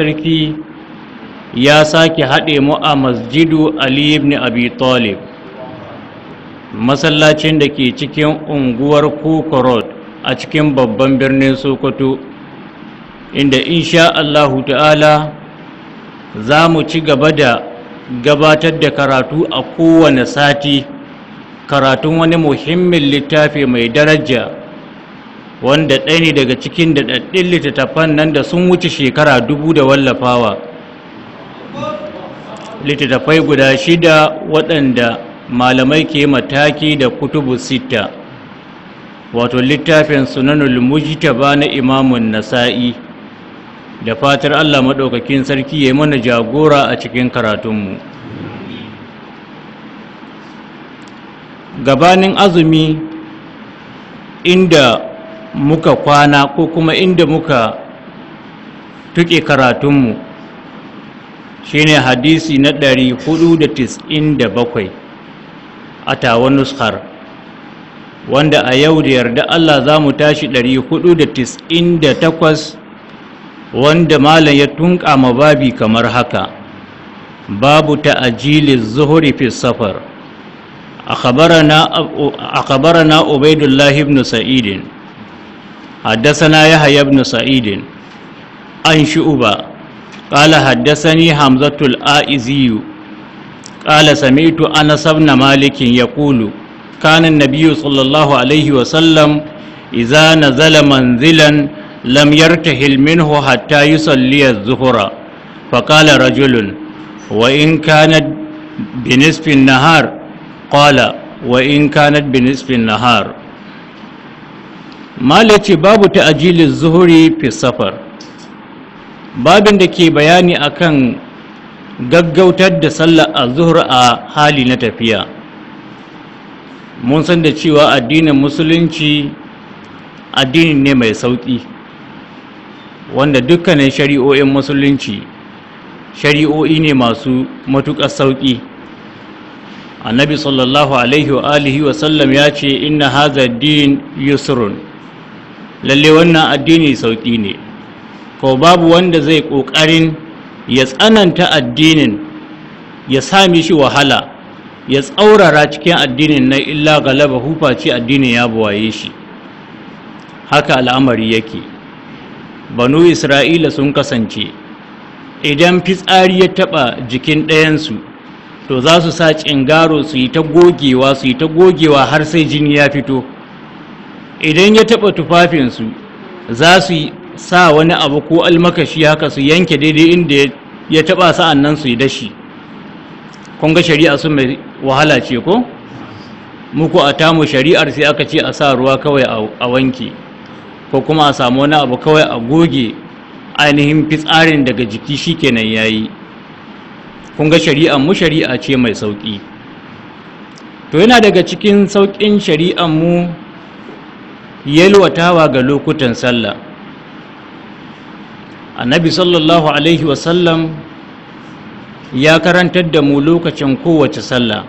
sarki ya sake haɗe mu a masjidu ali ibn abi talib masallacin da ke cikin unguwar kukorod a cikin babban birnin sokoto inda insha allahu ta'ala za mu ci gaba da gabatar da karatu a kowane sati karatun wani muhimmin littafi mai daraja wanda ɗaya ne daga cikin daɗaɗɗin littattafan nan da sun wuce shekara dubu da wallafawa littattafai guda shida waɗanda malamai ke mataki da kutubu sita wato littafin sunanul ba na imamun nasa'i da fatar allah maɗaukakin sarki ya yi mana jagora a cikin karatunmu gabanin azumi inda muka kwana ko kuma inda muka tuke karatunmu shine hadisi na 497 a tawon nuskar wanda a yau da yarda Allah za mu tashi 498 wanda malam ya tunka babi kamar haka babu ta'ajili zuhuri fi safar a أخبرنا عبيد الله بن حدثنا يحيى بن سعيد عن شعبة قال حدثني حمزة الآئزي قال سمعت أنس بن مالك يقول كان النبي صلى الله عليه وسلم إذا نزل منزلا لم يرتحل منه حتى يصلي الظهر فقال رجل وإن كانت بنصف النهار قال وإن كانت بنصف النهار mala ce babu ta'ajilin zuhuri fi safar babin da ke bayani akan gaggautar da sallar al-zuhur a hali na tafiya mun san da cewa addinin musulunci addini ne mai sauƙi wanda dukkanin shari'o'in musulunci shari'o'i ne masu matuƙar sauƙi annabi sallallahu alaihi wa alihi wa sallam ya ce inna hadha din yusrun lalle wannan addini sauƙi ne ko babu wanda zai ƙoƙarin ya tsananta addinin ya sami shi wahala ya tsaurara cikin addinin na illa galaba hufaci addinin ya buwaye shi haka al'amari yake banu isra'ila sun kasance idan fitsari ya taɓa jikin ɗayansu to za su sa cingaro su yi ta gogewa su yi ta gogewa har sai jini ya fito idan ya taɓa tufafinsu za su sa wani abu ko almakashi haka su yanke daidai inda ya taba sa'an nan su yi dashi kun ga shari'a sun mai wahala ce ko muku a tamu shari'ar sai aka ce a sa ruwa kawai a wanke ko kuma a samu wani abu kawai a goge ainihin fitsarin daga jiki shi ya yayi kun ga shari'ar mu shari'a ce mai sauƙi. to yana daga cikin sauƙin shari'ar mu yalwatawa ga lokutan sallah annabi sallallahu alaihi wasallam ya karantar da mu lokacin kowace sallah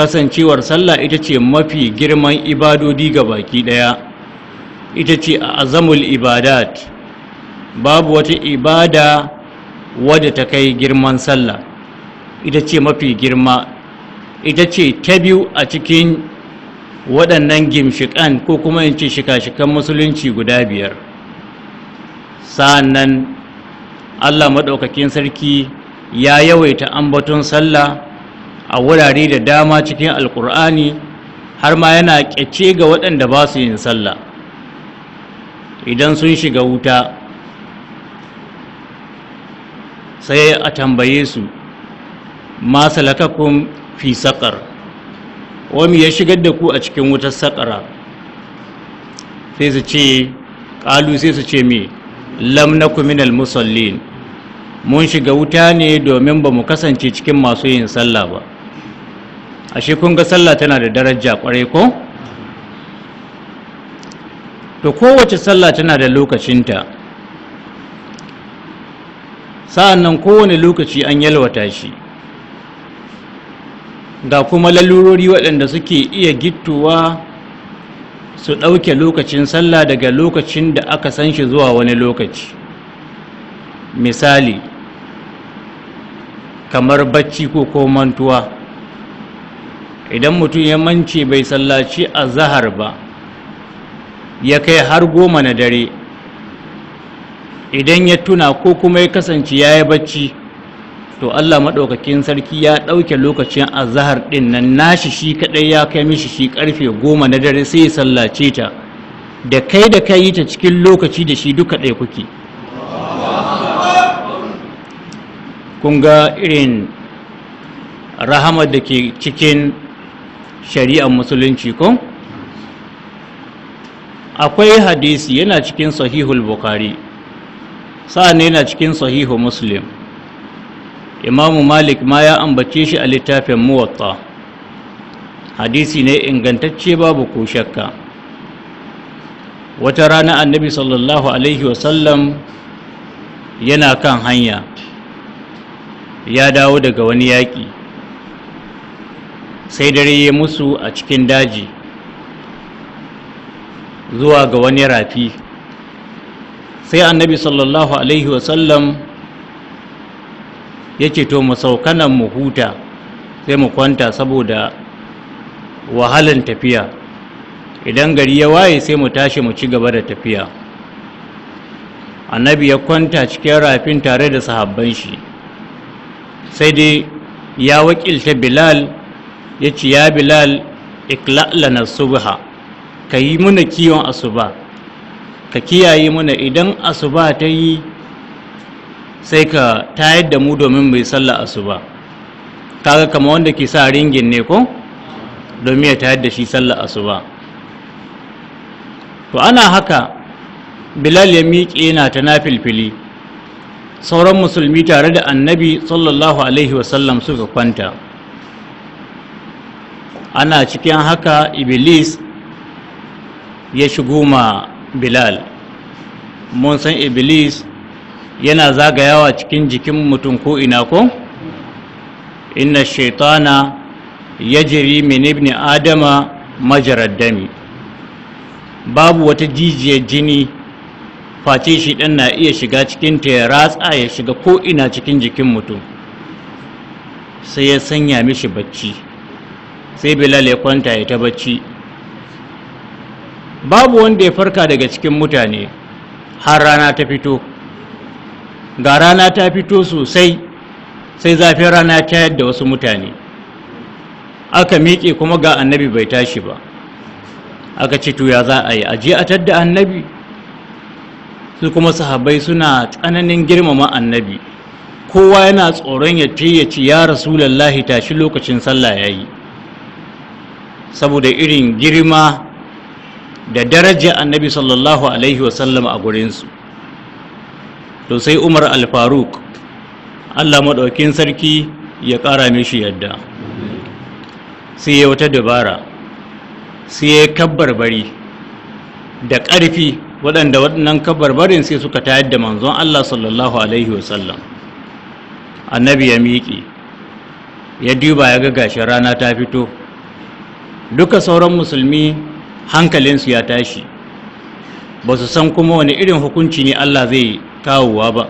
kasancewar sallah ita ce mafi girman ibadodi ga baki daya ita ce a azamul ibadat babu wata ibada wadda ta kai girman sallah ita ce mafi girma ita ce ta biyu a cikin waɗannan gimshikan ko kuma in ce shika-shikan musulunci guda biyar sa'annan allah maɗaukakin sarki ya yawaita ambaton sallah a wurare da dama cikin alkur'ani har ma yana ƙyace ga waɗanda ba su yin sallah idan sun shiga wuta sai a tambaye su masalakakun fi saƙar wani ya shigar da ku a cikin wutar sakara. sai su ce ƙalu sai su ce mi lam na kuminal musallin mun shiga wuta ne domin ba mu kasance cikin masu yin sallah ba ashe kun ga sallah tana da daraja kwarai ko to kowace sallah tana da lokacinta sa'an nan kowane lokaci an yalwata shi ga kuma lalurori waɗanda suke iya gittuwa su ɗauke lokacin sallah daga lokacin da aka san shi zuwa wani lokaci misali kamar bacci ko komantuwa idan mutum ya mance bai sallaci a zahar ba ya kai har goma na dare idan ya tuna ko kuma ya kasance ya yi bacci to Allah maɗaukakin sarki ya ɗauke lokacin azahar ɗin nan nashi shi kaɗai ya kai mishi shi ƙarfe goma na dare sai ya sallace ta da kai da kai ta cikin lokaci da shi duka ɗaya kuke kun ga irin rahamar da ke cikin shari'ar musulunci ko akwai hadisi yana cikin sahihul bukari sa'an yana cikin sahihu muslim imamu malik ma ya ambace shi a littafin muwatta hadisi ne ingantacce babu ko shakka wata rana annabi sallallahu alaihi wasallam yana kan hanya ya dawo daga wani yaƙi sai dare ya musu a cikin daji zuwa ga wani rafi sai annabi sallallahu alaihi wasallam ya ce to mu sauka nan mu huta sai mu kwanta saboda wahalan tafiya idan gari ya waye sai mu tashi mu ci gaba da tafiya annabi ya kwanta cikin rafin tare da sahabban shi sai dai ya wakilta bilal ya ce ya bilal na subha ka yi muna kiwon asuba ka kiyaye muna idan asuba ta yi sai ka tayar da mu domin mai sallah ba, kaga kama wanda ke sa ringin ne ko domin ya tayar da shi sallah ba. to ana haka bilal ya miƙe yana ta nafilfili sauran musulmi tare da annabi sallallahu alaihi wasallam suka kwanta ana cikin haka iblis ya shigo ma bilal mun san iblis yana zagayawa cikin jikin mutum ko ina ko inna shaitana ya jiri min ibni adama majarar dami babu wata jijiyar jini face shi ɗan na iya shiga cikin ta ya ratsa ya shiga ko ina cikin jikin mutum sai ya sanya mishi bacci sai bilal ya kwanta ya ta bacci babu wanda ya farka daga cikin mutane har rana ta fito ga rana ta fito sosai sai zafin rana ta yadda wasu mutane aka miƙe kuma ga annabi bai tashi ba aka ce to ya za a yi aji a tadda annabi su kuma sahabai suna tsananin girmama annabi kowa yana tsoron ya ce ya ci ya tashi lokacin sallah ya yi saboda irin girma da daraja annabi sallallahu alaihi wasallam a gurinsu to sai umar alfaruk allah maɗaukin sarki ya ƙara mishi yadda sai ya wata dabara sai ya bari da ƙarfi waɗanda waɗannan barin sai suka tayar da manzon allah sallallahu alaihi wasallam annabi ya miƙi ya duba ya ga gashin rana ta fito duka sauran musulmi hankalinsu ya tashi ba su san kuma wani irin hukunci ne allah zai kawowa ba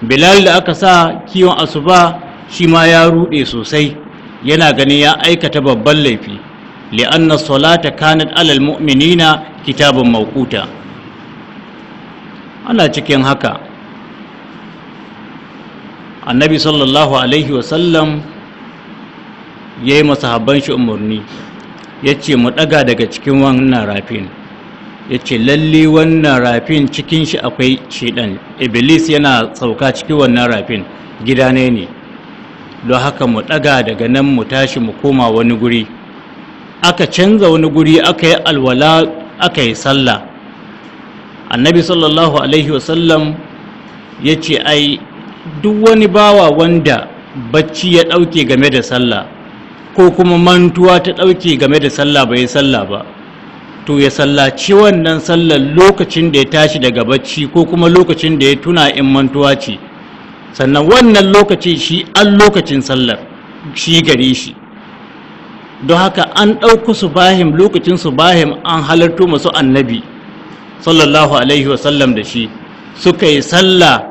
bilal da aka sa kiwon asuba shi ma ya rude sosai yana ganin ya aikata babban laifi li'anna salata kanat alal mu'minina kitabun mawquta ana cikin haka annabi sallallahu alaihi wasallam ya yi masahabban shi umarni ya ce mu ɗaga daga cikin wannan rafin ya ce lalle wannan rafin cikin shi akwai shidan iblis yana sauka cikin wannan rafin gida ne ne don haka mu ɗaga daga nan mu tashi mu koma wani guri aka canza wani guri aka yi alwala aka yi sallah annabi sallallahu alaihi wasallam ya ce ai duk wani bawa wanda bacci ya ɗauke game da sallah ko kuma mantuwa ta ɗauke game da sallah bai sallah ba to ya sallaci wannan sallar lokacin da ya tashi daga bacci ko kuma lokacin da ya tuna in mantuwa ce sannan wannan lokaci shi an lokacin sallar shi gare shi don haka an ɗauku su bahim lokacin su bahim an halarto masu annabi sallallahu alaihi wasallam da shi suka yi sallah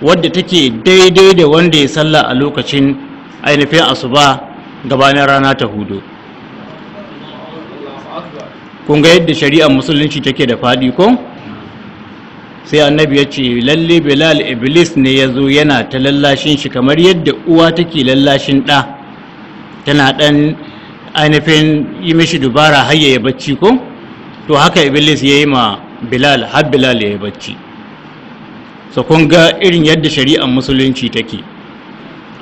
wadda take daidai da wanda ya sallah a lokacin ainihin asuba gabanin rana ta hudu kun ga yadda shari'ar musulunci take da faɗi ko sai annabi ya ce lalle bilal iblis ne ya zo yana ta lallashin shi kamar yadda uwa take lallashin ɗa tana ɗan ainihin yi mishi dubara har ya bacci ko to haka iblis ya yi ma bilal har bilal ya yi bacci so kun ga irin yadda shari'ar musulunci take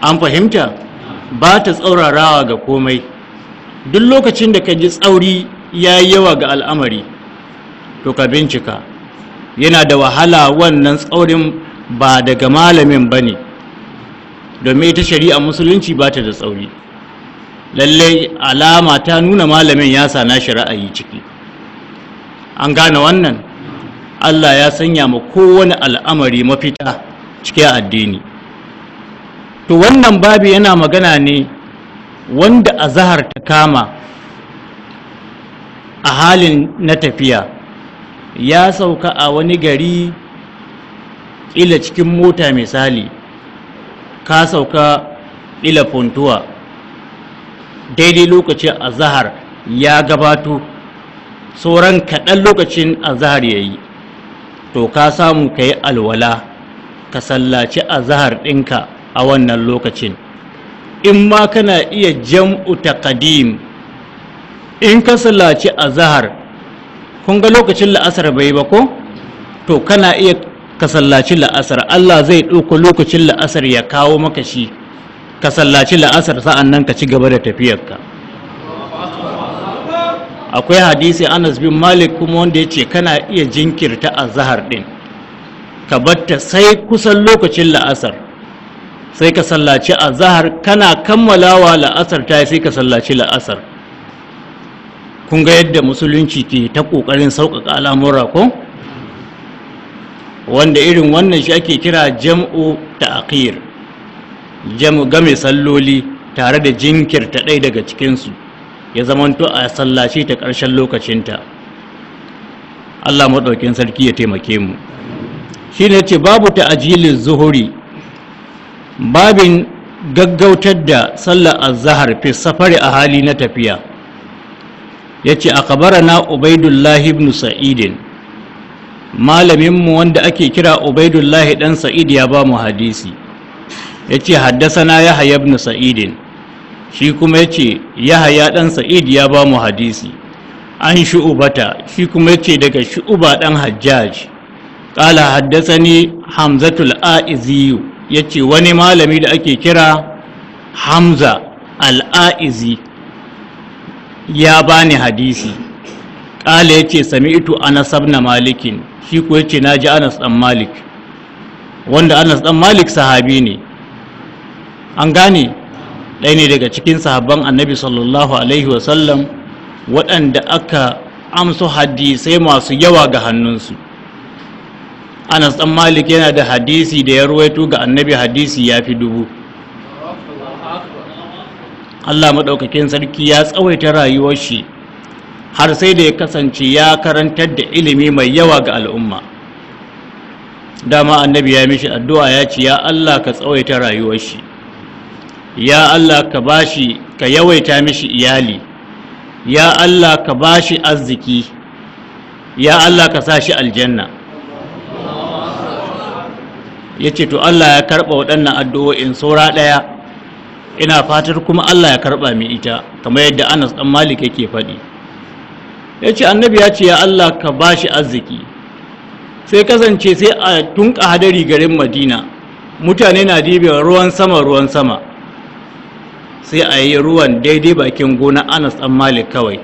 an fahimta ba ta tsaurarawa ga komai duk lokacin da ka ji tsauri ya yi yawa ga al'amari to ka bincika yana da wahala wannan tsaurin ba daga malamin ba ne domin ita shari'a musulunci ba ta da tsauri Lallai alama ta nuna malamin ya sana shi ra'ayi ciki an gane wannan allah ya sanya ma kowane al'amari mafita cikin addini to wannan babi yana magana ne wanda a zahar ta kama a halin na tafiya ya sauka a wani gari ila cikin mota misali ka sauka ila funtuwa daidai lokacin zahar ya gabato sauran kaɗan lokacin a zahar ya yi to ka samu ka yi alwala ka sallaci a zahar ɗinka a wannan lokacin in ma kana iya jam'u ta in ka sallaci zahar, kun ga lokacin la'asar bai ba ko to kana iya ka sallaci la'asar Allah zai ɗauko lokacin la'asar ya kawo maka shi ka sallaci la'asar sa'an nan ka ci gaba da tafiyarka akwai hadisi Anas bin Malik kuma wanda ya ce kana iya jinkirta azhar din ka batta sai kusan lokacin la'asar sai ka sallaci azahar kana kammalawa la'asar ta sai ka sallaci la'asar kun ga yadda musulunci ke ta ƙoƙarin sauƙaƙa al'amura ko wanda irin wannan shi ake kira jam'u ta jam'u game salloli tare da jinkirta ɗaya daga cikin su ya zamanto a sallaci ta ƙarshen lokacinta Allah maɗaukin sarki ya taimake mu shi yace ce babu ta'ajilin zuhuri babin gaggautar da sallar azahar fi safari a hali na tafiya yace na ubaidullah ibn Sa'idin, malamin mu wanda ake kira ubaidullah dan sa'id ya ba mu hadisi yace haddasana yahya ibn sa'id shi kuma yace yahya dan sa'id ya ba mu hadisi an shu'ubata shi kuma yace daga shu'uba dan hajjaj qala haddasani hamzatul aizi yace wani malami da ake kira hamza al-aizi ya bani hadisi ƙala ya ce sami sami'tu anas ibn malikin shi ko ya ce na ji anas ɗan malik wanda anas ɗan malik sahabi ne an gane ɗaya ne daga cikin sahabban annabi sallallahu alaihi wasallam waɗanda aka amsu hadisai masu yawa ga hannunsu anas ɗan malik yana da hadisi da ya ruwaito ga annabi hadisi ya fi dubu Allah maɗaukakin sarki ya tsawaita rayuwar shi har sai da ya kasance ya karantar da ilimi mai yawa ga al'umma dama annabi ya mishi addu'a ya ce ya Allah ka tsawaita rayuwar shi ya Allah ka bashi ka yawaita mishi iyali ya Allah ka bashi arziki ya Allah ka sa shi aljanna ya ce to Allah ya karɓa waɗannan addu'o'in saura ɗaya ina fatar kuma Allah ya karba min ita kamar yadda Anas dan Malik yake faɗi yace annabi ya ce ya Allah ka bashi arziki sai kasance sai a tunka hadari garin madina mutane na dibewa ruwan sama ruwan sama sai a yi ruwan daidai bakin gona anas ɗan malik kawai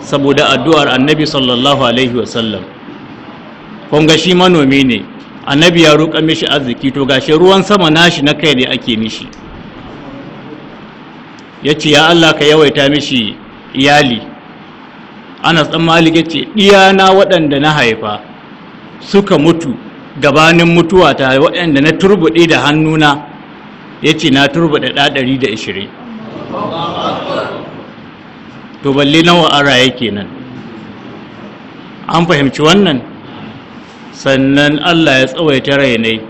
saboda addu'ar annabi sallallahu alaihi wasallam kunga shi manomi ne annabi ya roƙa mishi arziki to gashi ruwan sama nashi na kai ne ake mishi ya ce ya Allah ka yawaita mishi iyali anas Dan malik ya ce iyana waɗanda na haifa suka mutu gabanin mutuwa ta waɗanda na turbuɗe da hannuna ya ce na turbuɗe ɗari da ishirin to balle nawa ara yake nan an fahimci wannan sannan Allah ya tsawaita rainai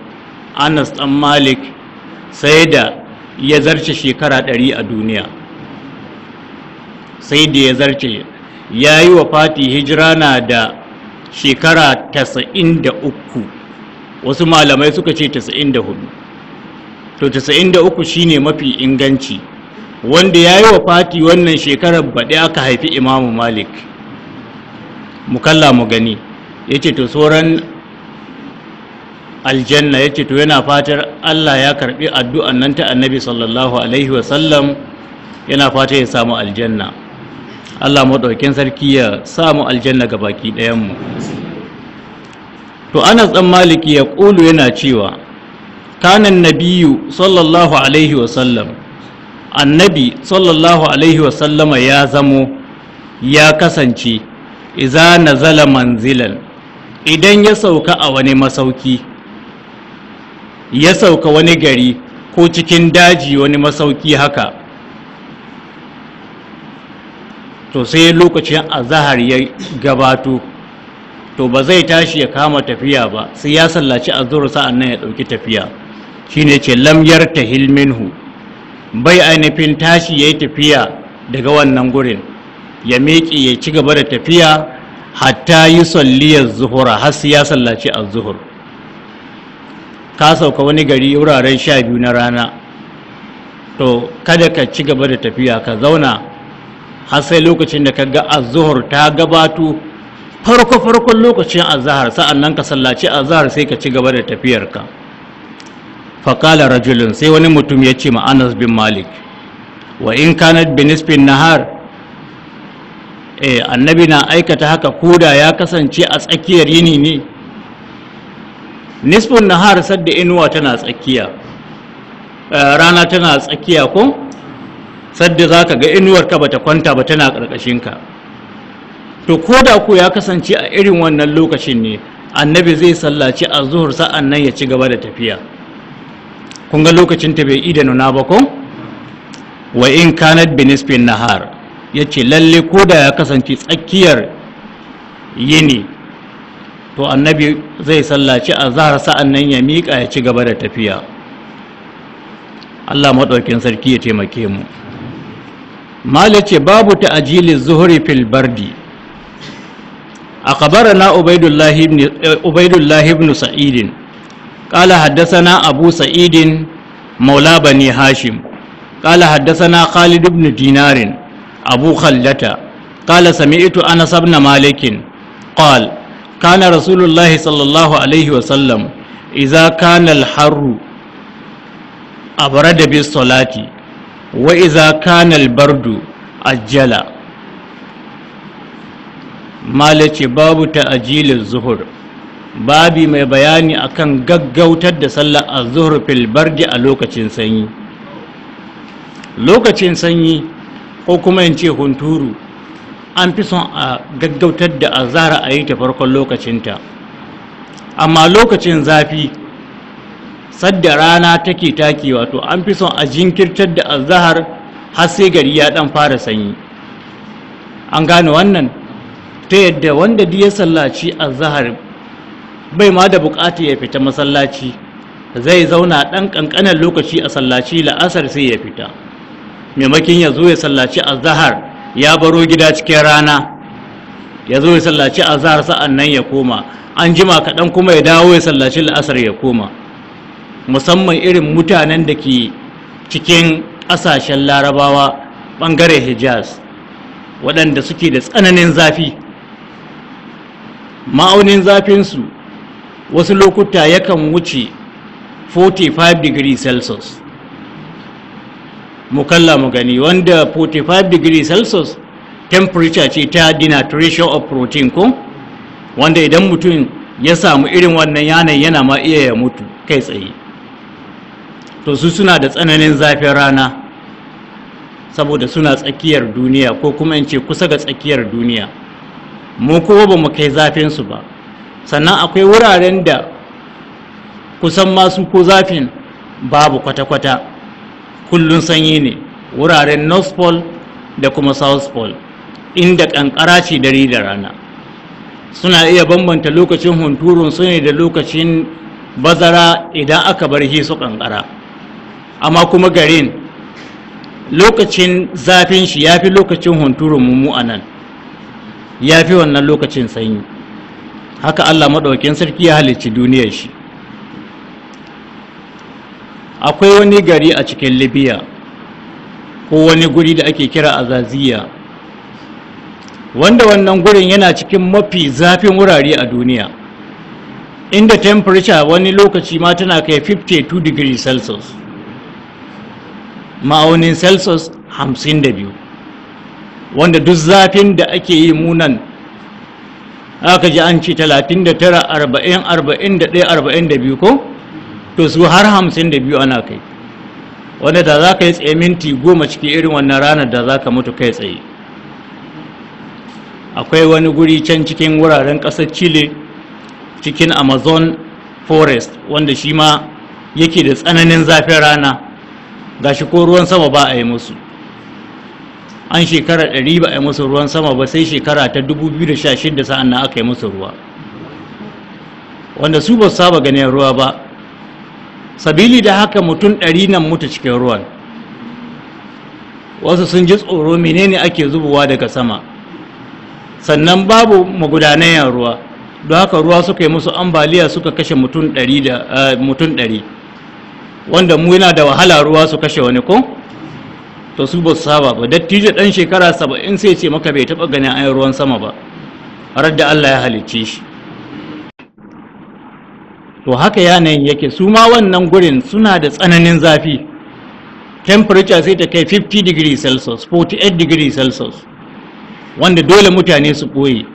anas ɗan malik sai da ya zarce shekara ɗari a duniya sai da ya zarce ya yi wa fati hijira na da shekara tasa'in da uku wasu malamai suka ce tasa'in da hudu to tasa'in da uku shine mafi inganci wanda ya yi wa fati wannan shekarar baɗi aka haifi imamu malik mukalla mu gani ya ce to sauran aljanna ya ce to yana fatar Allah ya karbi addu'an nan ta annabi sallallahu alaihi wasallam yana fatar ya samu aljanna Allah maɗaukin sarki ya samu aljanna ga baki ɗayanmu to anas ɗan maliki ya ƙulu yana cewa kanan nabiyu sallallahu alaihi wasallam annabi sallallahu alaihi ya zamo ya kasance iza nazala manzilan idan ya sauka a wani masauki ya sauka wani gari ko cikin daji wani masauki haka to sai lokacin azahar ya gabato to ba zai tashi ya kama tafiya ba sai ya sallaci azhar sa'an nan ya ɗauki tafiya shine ce lamyar ta hilminhu bai ainihin tashi yayi tafiya daga wannan gurin ya miƙe ya ci gaba da tafiya hatta yi salliyar zuhura har sai ya sallaci azhar ka sauka wani gari wuraren sha biyu na rana to kada ka ci gaba da tafiya ka zauna har sai lokacin da ka ga azuhur ta gabato farko farkon lokacin azahar sa'an nan ka sallaci azahar sai ka ci gaba da tafiyarka faƙala rajulun sai wani mutum ya ce ma'anas bin malik wa in kanat binisfin nahar eh annabi na aikata haka koda ya kasance a tsakiyar yini ne nisfin nahar sadda inuwa tana tsakiya eh, rana tana tsakiya ko sadda za ka ga inuwar ka bata kwanta ba tana ka. to ko da ku ya kasance a irin wannan lokacin ne annabi zai sallaci a zuhur sa'an nan ya ci gaba da tafiya kun ga lokacin ta bai idanu nuna ba ko wa in kanat bi nisfin nahar yace lalle ko da ya kasance tsakiyar yini to annabi zai sallaci a zara sa’an nan ya miƙa ya ci gaba da tafiya Allah maɗaukin sarki ya taimake mu mali ce babu ta ajilin zuhuri fil bardi a kabara na ubaidullahi ibn sa’idin ƙala haddasa abu sa’idin maula bani hashim ƙala haddasa na khalid ibn dinarin abu khallata ƙala sami ito ana sabna malikin ƙal kana rasulullahi sallallahu alaihi wasallam iza kanal haru abrada bis salati wa iza kana albardu ajjala malace babu ta'ajilin zuhur babi mai bayani akan gaggautar da sallar azhur fil bardi a lokacin sanyi lokacin sanyi ko kuma in ce hunturu an fi son a gaggautar da azara a yi ta farkon lokacinta amma lokacin zafi sadda rana take take wato an fi son a jinkirtar da azahar har sai gari ya dan fara sanyi an gane wannan ta yadda wanda duk ya sallaci azahar bai ma da bukata ya fita masallaci zai zauna ɗan kankanan lokaci a sallaci la'asar sai ya fita maimakin ya zo ya sallaci azahar ya baro gida cikin rana ya zo ya sallaci azhar sa'an nan ya koma an jima kaɗan kuma ya dawo ya sallaci la'asar ya koma musamman irin mutanen da ke cikin ƙasashen larabawa ɓangare hijaz waɗanda suke da tsananin zafi ma'aunin zafinsu wasu lokuta yakan wuce 45 degrees celsius mu kalla mu gani wanda 45 degree celsius temperature ce ta denaturation of protein ko wanda idan mutum ya samu irin wannan yanayi yana ma iya ya mutu kai tsaye to su suna da tsananin zafin rana saboda suna tsakiyar duniya ko kuma in ce kusa ga tsakiyar duniya mu kowa ba mu kai zafin su ba sannan akwai wuraren da kusan masu ko zafin babu kwata-kwata kullun sanyi ne wuraren north pole da kuma south pole inda kankara ce dare da rana suna iya bambanta lokacin hunturun su ne da lokacin bazara idan aka bar Hisu su kankara amma kuma garin lokacin zafin shi ya fi lokacin hunturun mummu a nan ya fi wannan lokacin sanyi haka allah maɗaukin sarki ya halicci duniyar shi akwai wani gari a cikin libya ko wani guri da ake kira a Zaziya? wanda wannan gurin yana cikin mafi zafin wurare a duniya inda temperature wani lokaci ma tana kai 52 degree celsius ma'aunin celsius 52 wanda duk zafin da ake yi munan aka ji an ce 39 40 41 42 ko to su har hamsin da biyu ana kai wanda da za ka yi tsaye minti goma cikin irin wannan ranar da za ka mutu kai tsaye akwai wani guri can cikin wuraren ƙasar chile cikin amazon forest wanda shi ma yake da tsananin zafin rana ga shi ko ruwan sama ba a yi musu an shekara ɗari ba a yi musu ruwan sama ba sai shekara ta 2016 sa'an na aka yi musu ruwa wanda su ba saba ganin ruwa ba sabili da haka mutum ɗari nan mutu cikin ruwan wasu sun ji tsoro menene ake zubowa daga sama sannan babu magudanayen ruwa don haka ruwa suka yi musu ambaliya suka kashe eh, mutum ɗari wanda mu yana da wahala ruwa su kashe wani ko to su ba su saba ba dattijo ɗan shekara saba'in sai ce maka bai taɓa ganin ayin ruwan sama ba har da allah ya halicce shi to haka yanayin yake su ma wannan gurin suna da tsananin zafi temperature sai ta kai 50 degree celsius 48 degree celsius wanda dole mutane su koyi.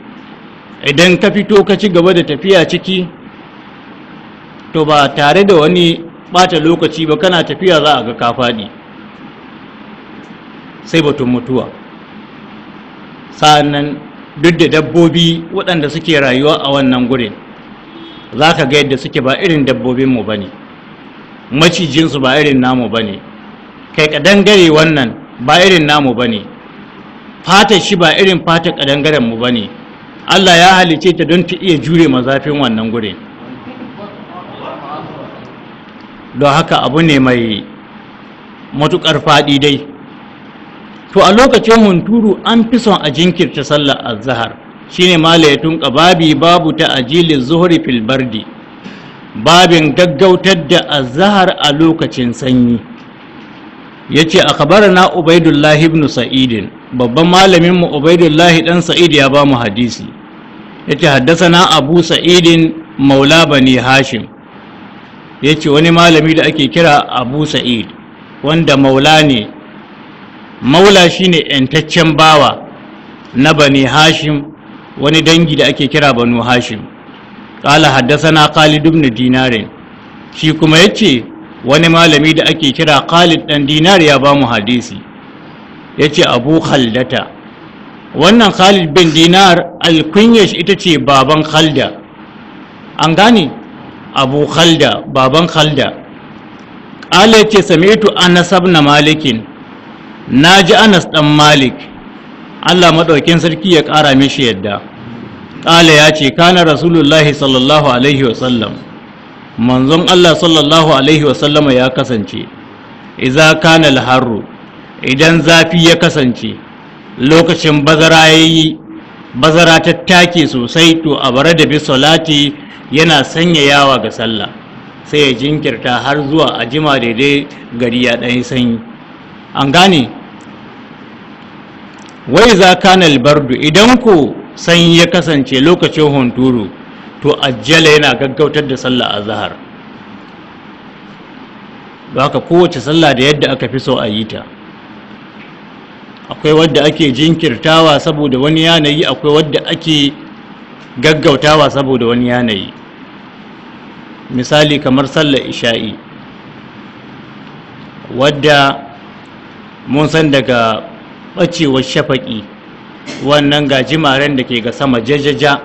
idan ka fito ka ci gaba da tafiya ciki to ba tare da wani bata lokaci ba kana tafiya za a ga ka faɗi sai batun mutuwa sa'annan duk da dabbobi waɗanda suke rayuwa a wannan gurin za ka ga yadda suke ba irin dabbobinmu ba ne macijinsu ba irin namu ba ne kai kadangare wannan ba irin namu ba ne fatar shi ba irin fatar kadangarenmu ba ne allah ya halice ta don ta iya jure mazafin wannan gurin don haka abu ne mai matukar faɗi dai to a lokacin hunturu an fi son a jinkirta sallar azahar shine mala ya tunka babi babu ta ajilin zuhuri filbardi babin gaggautar da zahar a lokacin sanyi Ya ce a yace na ubaidullahi ibn Sa'idin, babban malamin mu ubaidullahi dan sa'id ya ba mu hadisi Haddasa na abu sa'id maula bani hashim ce wani malami da ake kira abu sa'id wanda maula ne maula shine yantaccen bawa na bani hashim wani dangi da ake kira banu hashim haddasa na khalid ibn dinare shi kuma yace wani malami da ake kira khalid dan dinar ya bamu hadisi yace abu khaldata wannan khalid bin dinar alkunyash ita ce baban khalda an gane abu khalda baban khalda kala yace sami'tu anas ibn malikin naji anas dan malik Allah maɗaukin sarki ya ƙara mishi yadda ƙala ya ce kana rasulullahi sallallahu alaihi wasallam manzon Allah sallallahu alaihi sallam ya kasance iza kana alharru idan zafi ya kasance lokacin bazara yayi bazara ta take sosai to a bare da bi salati yana sanyayawa ga sallah sai ya jinkirta har zuwa a jima daidai gari ya ɗan sanyi an gane wai za kana bardu idan ku sanyi ya kasance lokacin hunturu to jela yana gaggautar da sallah a zahar ba ka kowace sallah da yadda aka fi so a yi ta akwai wadda ake jinkirtawa saboda wani yanayi akwai wadda ake gaggautawa saboda wani yanayi misali kamar sallar isha'i wadda mun san daga ɓacewar shafaƙi wannan gajimaren da ke ga sama jajaja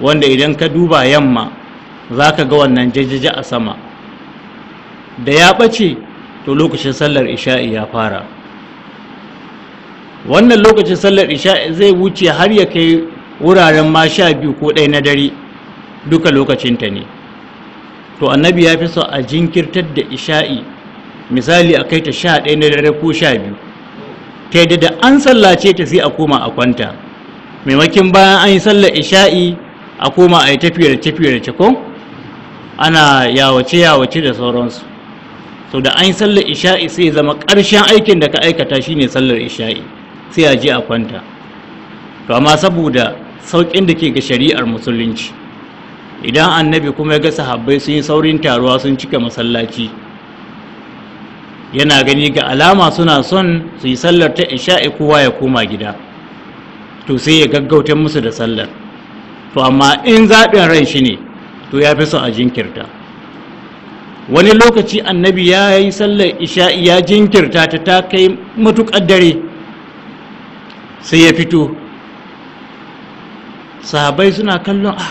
wanda idan ka duba yamma za ka ga wannan jajaja a sama da ya ɓace to lokacin sallar isha'i ya fara wannan lokacin sallar isha'i zai wuce har ya kai wuraren ma sha biyu ko ɗaya na dare duka lokacinta ne to annabi ya fi so a jinkirtar da isha'i misali a kai ta sha ɗaya na dare ko sha biyu ta yadda da an sallace ta sai a koma a kwanta maimakin bayan an yi sallar isha'i a koma a yi tafiyar tafiyar cikon ana yawace yawace da sauransu sau da an yi sallar isha'i sai zama ƙarshen aikin da ka aikata shine sallar isha'i sai a je a kwanta to amma saboda sauƙin da ke ga shari'ar musulunci idan annabi kuma ya ga sahabbai sun yi saurin taruwa sun cika masallaci yana gani ga alama suna son su yi sallar ta isha'i kowa ya koma gida to sai ya gaggauta musu da sallar to amma in zaɓin ran shi ne to ya fi son a jinkirta wani lokaci annabi ya yi sallar isha'i ya jinkirta ta ta kai matuƙar dare sai ya fito sahabai suna kallon ah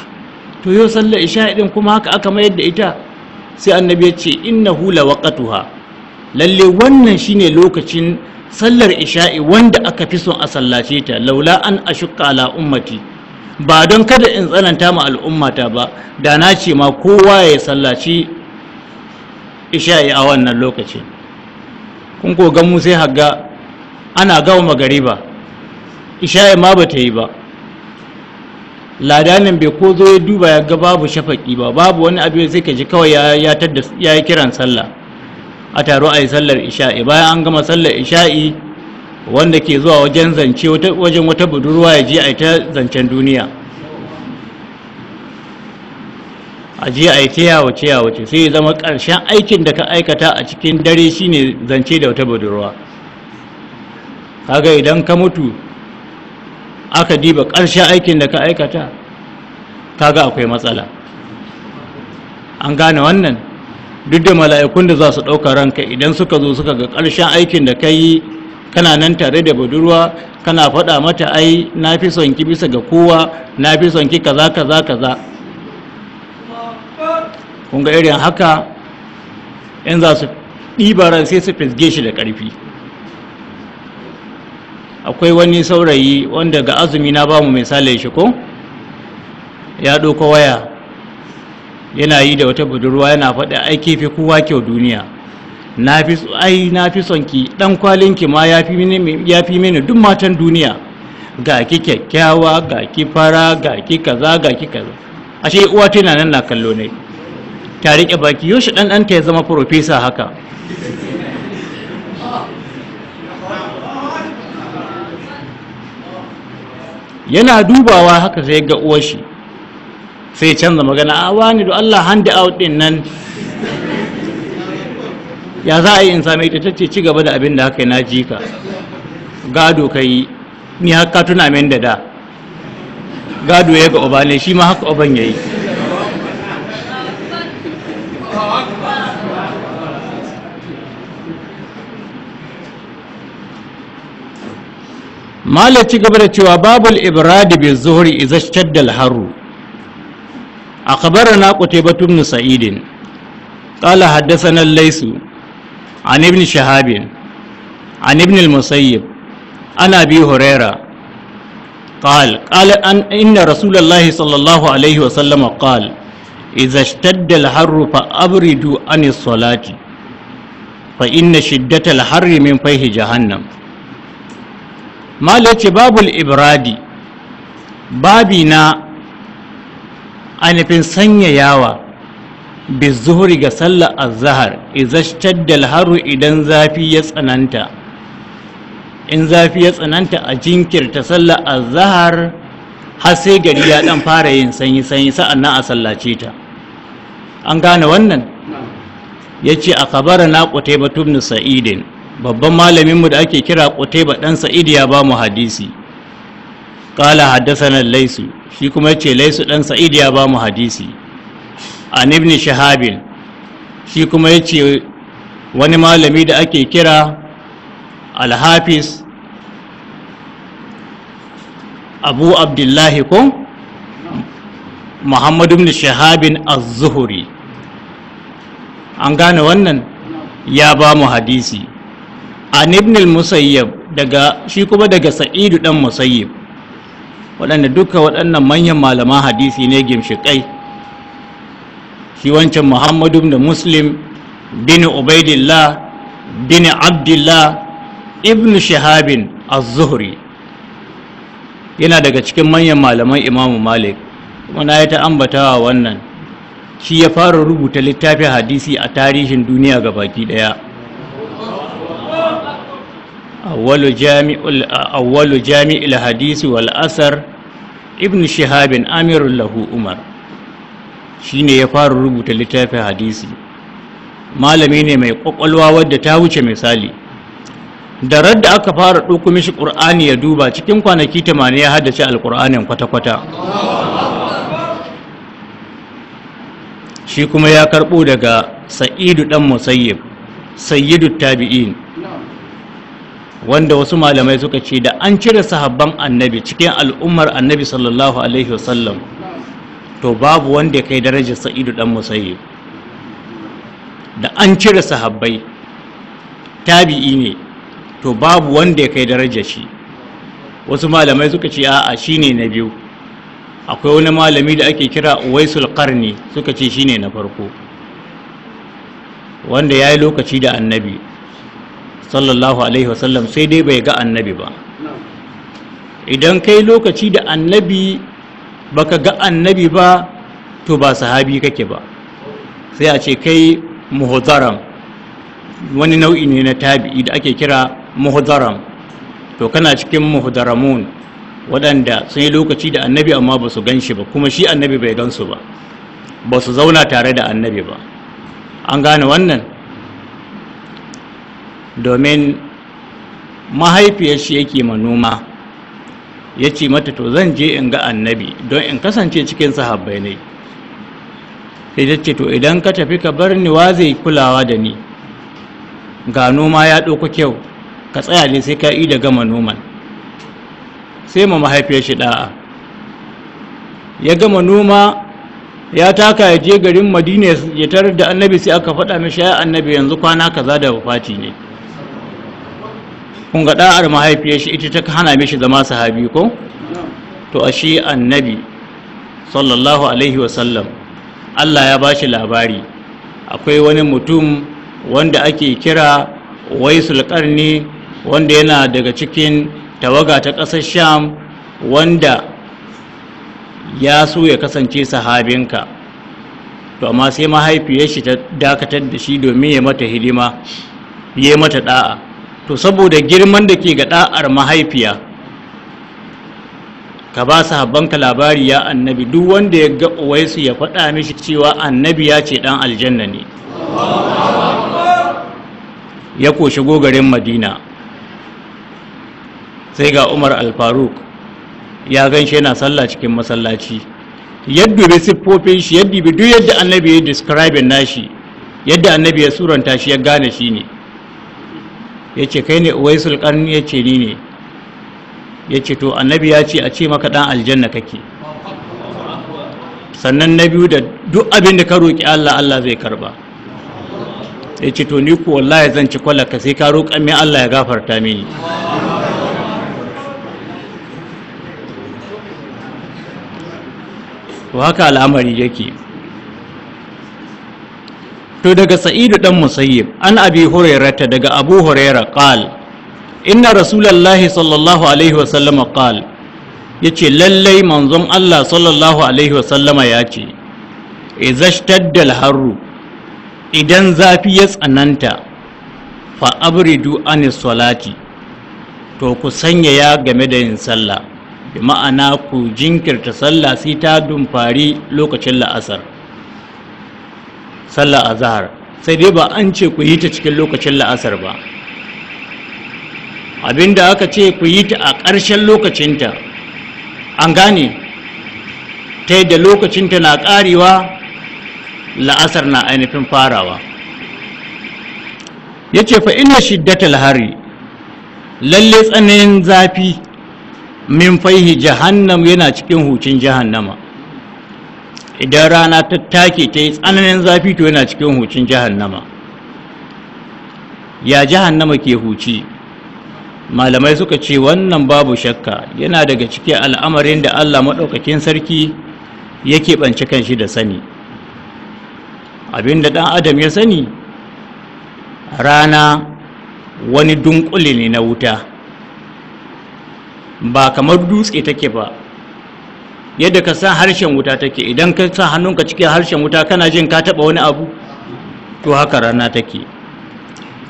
to yau sallar isha'i din kuma haka aka mayar da ita sai annabi ya ce hula lawaqatuha lalle wannan shine lokacin sallar isha'i wanda aka fi son a sallace ta laula an ashuka ala ummati ba don kada in tsananta ma al'ummata ba da na ce ma kowa ya sallaci isha'i a wannan lokacin kun ko gan mu sai haga ana gawo magariba isha'i ma ba ta yi ba ladanin bai ko zo ya duba ya ga babu shafaki ba babu wani abin sai ka ji kawai ya ya kiran sallah a taro a yi sallar isha'i bayan an gama sallar isha'i wanda ke zuwa wajen zance wajen wata budurwa ya ji a yi ta zancen duniya a ji a yi ta yawace yawace sai ya zama ƙarshen aikin da ka aikata a cikin dare shi ne zance da wata budurwa kaga idan ka mutu aka diba ƙarshen aikin da ka aikata kaga akwai matsala an gane wannan duk da mala'ikun da za su ɗauka ranka idan suka zo suka ga ƙarshen aikin da ka yi kana nan tare da budurwa kana faɗa mata ai na fi son ki bisa ga kowa na fi son kaza kaza kaza kun ga irin haka 'yan za su ɗibara sai su fisge shi da ƙarfi akwai wani saurayi wanda ga azumi na bamu mu misali shi ko ya ɗauka waya yana yi da wata budurwa yana faɗi aiki fi kowa kyau duniya na fi ai na son ki dan kwalin ki ma ya fi mini duk matan duniya ga ki kyakkyawa ga ki fara ga ki kaza ga ki kaza ashe uwa tana nan na kallo ne ta rike baki yoshi dan ya zama profesa haka yana dubawa haka sai ga uwar shi sai canza magana a ah, wani da Allah hand out din nan ya za a yi in same ta ce ci gaba da abin da haka na ji ka gado ka yi ni haka tuna min da da gado ya ga oba ne shi ma haka oban ya yi ci gaba da cewa babul ibradi bi zuhri idza shadda haru أخبرنا قتيبة بن سعيد قال حدثنا الليث عن ابن شهاب عن ابن المسيب عن أبي هريرة قال قال أن إن رسول الله صلى الله عليه وسلم قال إذا اشتد الحر فأبردوا عن الصلاة فإن شدة الحر من فيه جهنم ما لك باب الإبراد بابنا ainihin sanyayawa bizuhuri ga sallar azahar izashtar da haru idan zafi ya tsananta in zafi ya tsananta a jinkirta sallar azahar har sai gari ya dan fara yin sanyi-sanyi sa'annan a sallace ta an gane wannan ya ce a kabara na ƙutai batun sa'idin babban malaminmu da ake kira ƙutai ɗan sa'id ya ba mu hadisi kala haddathana laisu shi kuma ce laisu dan sa'id ya ba mu hadisi an ibn shahabin shi kuma yace wani malami da ake kira al abu abdullahi ko muhammadu ibn shahabin az-zuhri an gane wannan ya ba mu hadisi an ibn al-musayyab daga shi kuma daga sa'idu dan musayyib waɗanda duka waɗannan manyan malaman hadisi ne gimshiƙai shi wancan muhammadu da muslim bin ubaidillah bin abdullah ibn shahabin az-zuhri yana daga cikin manyan malaman imamu malik kuma na yi ta ambatawa wannan shi ya fara rubuta littafin hadisi a tarihin duniya ga baki ɗaya awwalu jami'ul hadisi wal asar ibn shihabin amirul lahu umar shine ya fara rubuta littafin hadisi malami ne mai kwakwalwa wadda ta wuce misali da radda aka fara ɗauko mishi ƙur'ani ya duba cikin kwanaki tamanin ya haddace alƙur'anin kwata-kwata shi kuma ya karɓo daga sa'idu ɗan musayyib sayyidu tabi'in wanda wasu malamai suka ce da an cire sahabban annabi cikin al'ummar annabi sallallahu alaihi wasallam to babu wanda ya kai darajar sa'idu dan musayyib da an cire sahabbai tabi'i ne to babu wanda ya kai darajar shi wasu malamai suka ce a'a shine na biyu akwai wani malami da ake kira Waisul qarni suka ce shine na farko wanda yayi lokaci da annabi sallallahu alaihi wasallam sai dai bai ga annabi ba idan kai lokaci da annabi baka ga annabi ba to ba sahabi kake ba sai a ce kai muhadaram wani nau'i ne na tabi'i da ake kira muhadaram to kana cikin muhadaramun waɗanda sun lokaci da annabi amma ba su gan shi ba kuma shi annabi bai gan su ba ba su zauna tare da annabi ba an gane wannan domin mahaifiyar yake manoma ya ce mata to zan je in ga annabi don in kasance cikin sahabbai ne sai ta ce to idan ka tafi ka bar ni wa zai kulawa da ni ga noma ya ɗauko kyau ka tsaya ne sai ka yi da gama noman sai ma mahaifiyar shi ɗa'a ya gama noma ya taka ya je garin madina ya tarar da annabi sai aka faɗa mishi ya annabi yanzu kwana kaza da wafati ne kun ga da'ar mahaifiyar shi ita ta hana mishi zama sahabi ko to a shi annabi sallallahu alaihi wasallam Allah ya bashi labari akwai wani mutum wanda ake kira waisul karni wanda yana daga cikin tawaga ta ƙasar sham wanda ya so ya kasance sahabinka to amma sai mahaifiyar shi ta dakatar da shi domin ya mata hidima ya mata da'a to saboda girman da ke ga da'ar mahaifiya ka ba su habbanka labari ya annabi duk wanda ya ga uwaisu ya faɗa mishi cewa annabi ya ce ɗan aljanna ne ya koshi gogarin madina sai ga umar alfaruk ya gan shi yana sallah cikin masallaci yadda bai siffofin shi yadda duk yadda annabi ya describe nashi yadda annabi ya suranta shi ya gane shi ne ya ce kai ne uwai karni ya ce ni ne ya ce to annabi ya ce a ce maka dan aljanna kake sannan na biyu da duk abin da ka roƙi Allah Allah zai karba ya ce to ni ku wallahi zan ci kwallaka sai ka roƙa min Allah ya gafarta mini to haka al'amari yake to daga sa'idu dan musayyib an abi hurairata daga abu huraira qal inna rasulullahi sallallahu alaihi wa sallam qal yace lallai manzon Allah sallallahu alaihi wasallama ya ce izashtaddal harru idan zafi ya tsananta fa abridu anis salati to ku sanya ya game da yin sallah bi ma'ana ku jinkirta sallah sai ta dumfari lokacin la'asar sallar azahar, sai dai ba an ce ku yi ta cikin lokacin la'asar ba abinda aka ce ku yi ta a ƙarshen lokacinta an gane ta yadda lokacinta na ƙarewa la'asar na ainihin farawa ya ce fa ina shiddatal hari lalle tsananin zafi min faihi jahannam yana cikin hucin jahannama idan rana ta take ta yi tsananin zafi to yana cikin hucin jahannama ya jahannama ke huci malamai suka ce wannan babu shakka yana daga cikin al'amarin da Allah maɗaukakin sarki ya kan shi da sani abinda ɗan adam ya sani rana wani dunkule ne na wuta ba kamar dutse take ba yadda ka sa harshen wuta take idan ka sa hannunka cikin harshen wuta kana jin ka taɓa wani abu to haka rana take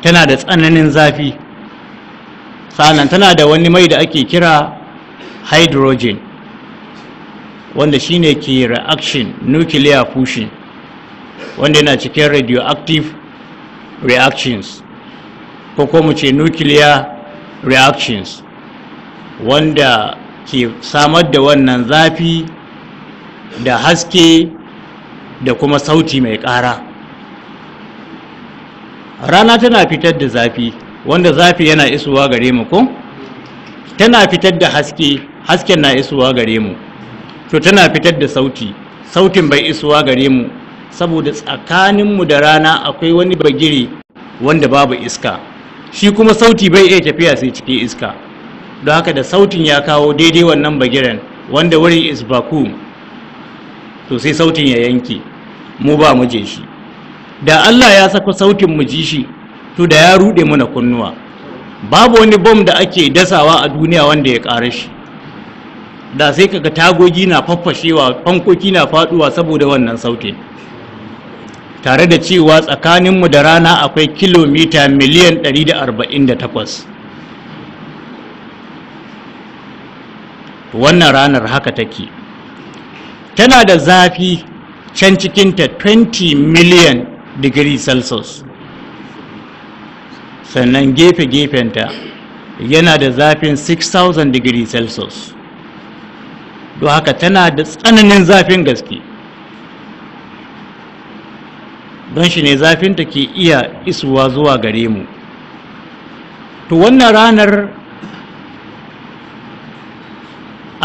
tana da tsananin zafi sannan tana da wani mai da ake kira hydrogen wanda shine ke reaction nuclear fusion wanda yana cikin radioactive reactions ko kuma ce nuclear reactions wanda ke samar da wannan zafi da haske da kuma sauti mai ƙara rana tana fitar da zafi wanda zafi yana isuwa gare mu ko tana fitar da haske hasken na isuwa gare mu to tana fitar da sauti sautin bai isuwa gare mu saboda tsakaninmu da rana akwai wani bagiri wanda babu iska shi kuma sauti bai iya tafiya sai cikin iska don haka da sautin ya kawo daidai wannan bagiren wanda wurin is baku to sai sautin ya yanke mu ba mu je shi da Allah ya saka sautin mu ji shi to da ya rude muna kunnuwa babu wani bom da ake dasawa a duniya wanda ya ƙare shi da sai kaga tagogi na faffashewa fankoki na faduwa saboda wannan sautin tare da cewa tsakaninmu da rana akwai kilomita miliyan 148 wannan ranar haka take tana da zafi can cikinta 20 million degree celsius sannan gefe-gefenta yana da zafin 6000 degree celsius don haka tana da tsananin zafin gaske don shi ne zafinta ke iya isuwa zuwa gare mu to wannan ranar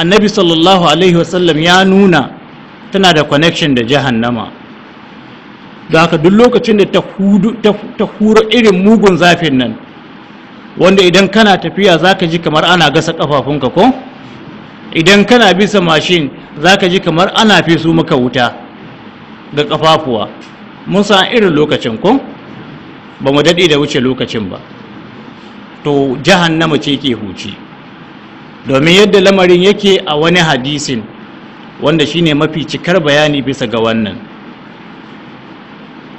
annabi sallallahu alaihi wasallam ya nuna tana da connection da jahannama da haka duk lokacin da ta hura irin mugun zafin nan wanda idan kana tafiya zaka ji kamar ana gasa kafafunka ko idan kana bisa mashin zaka ji kamar ana feso maka wuta ga kafafuwa mun san irin lokacin ko ba mu daɗe da wuce lokacin ba to jahannama ce ke huce. domin yadda lamarin yake a wani hadisin wanda shine mafi cikar bayani bisa ga wannan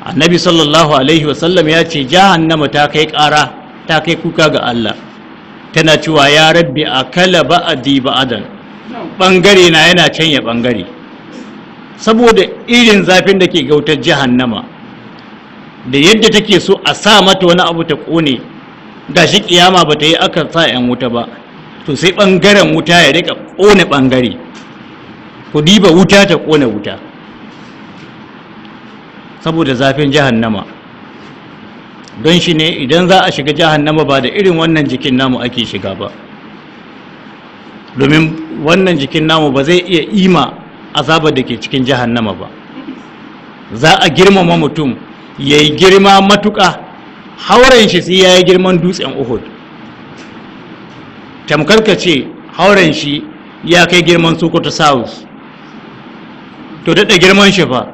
annabi sallallahu alaihi wasallam ya ce jahannama ta kai ƙara ta kai kuka ga Allah tana cewa ya rabbi a kala ba'adi ba'adan ɓangare na yana canya bangare saboda irin zafin da ke gautar nama, da yadda take so a sa mata wani abu ta ƙone gashi kiyama ba ta yi aka sa 'yan wuta ba to sai ɓangaren wuta ya rika ƙona bangare ku diba wuta ta ƙona wuta saboda zafin jahannama don shi ne idan za a shiga jahannama ba da irin wannan jikin namu ake shiga ba domin wannan jikin namu ba zai iya ima azabar da ke cikin jahannama ba za a girmama mutum ya yi girma matuka, hauren shi sai ya yi girman dutsen uhud tamkar ka ce hauren shi ya kai girman sokoto south to daɗa girman shi fa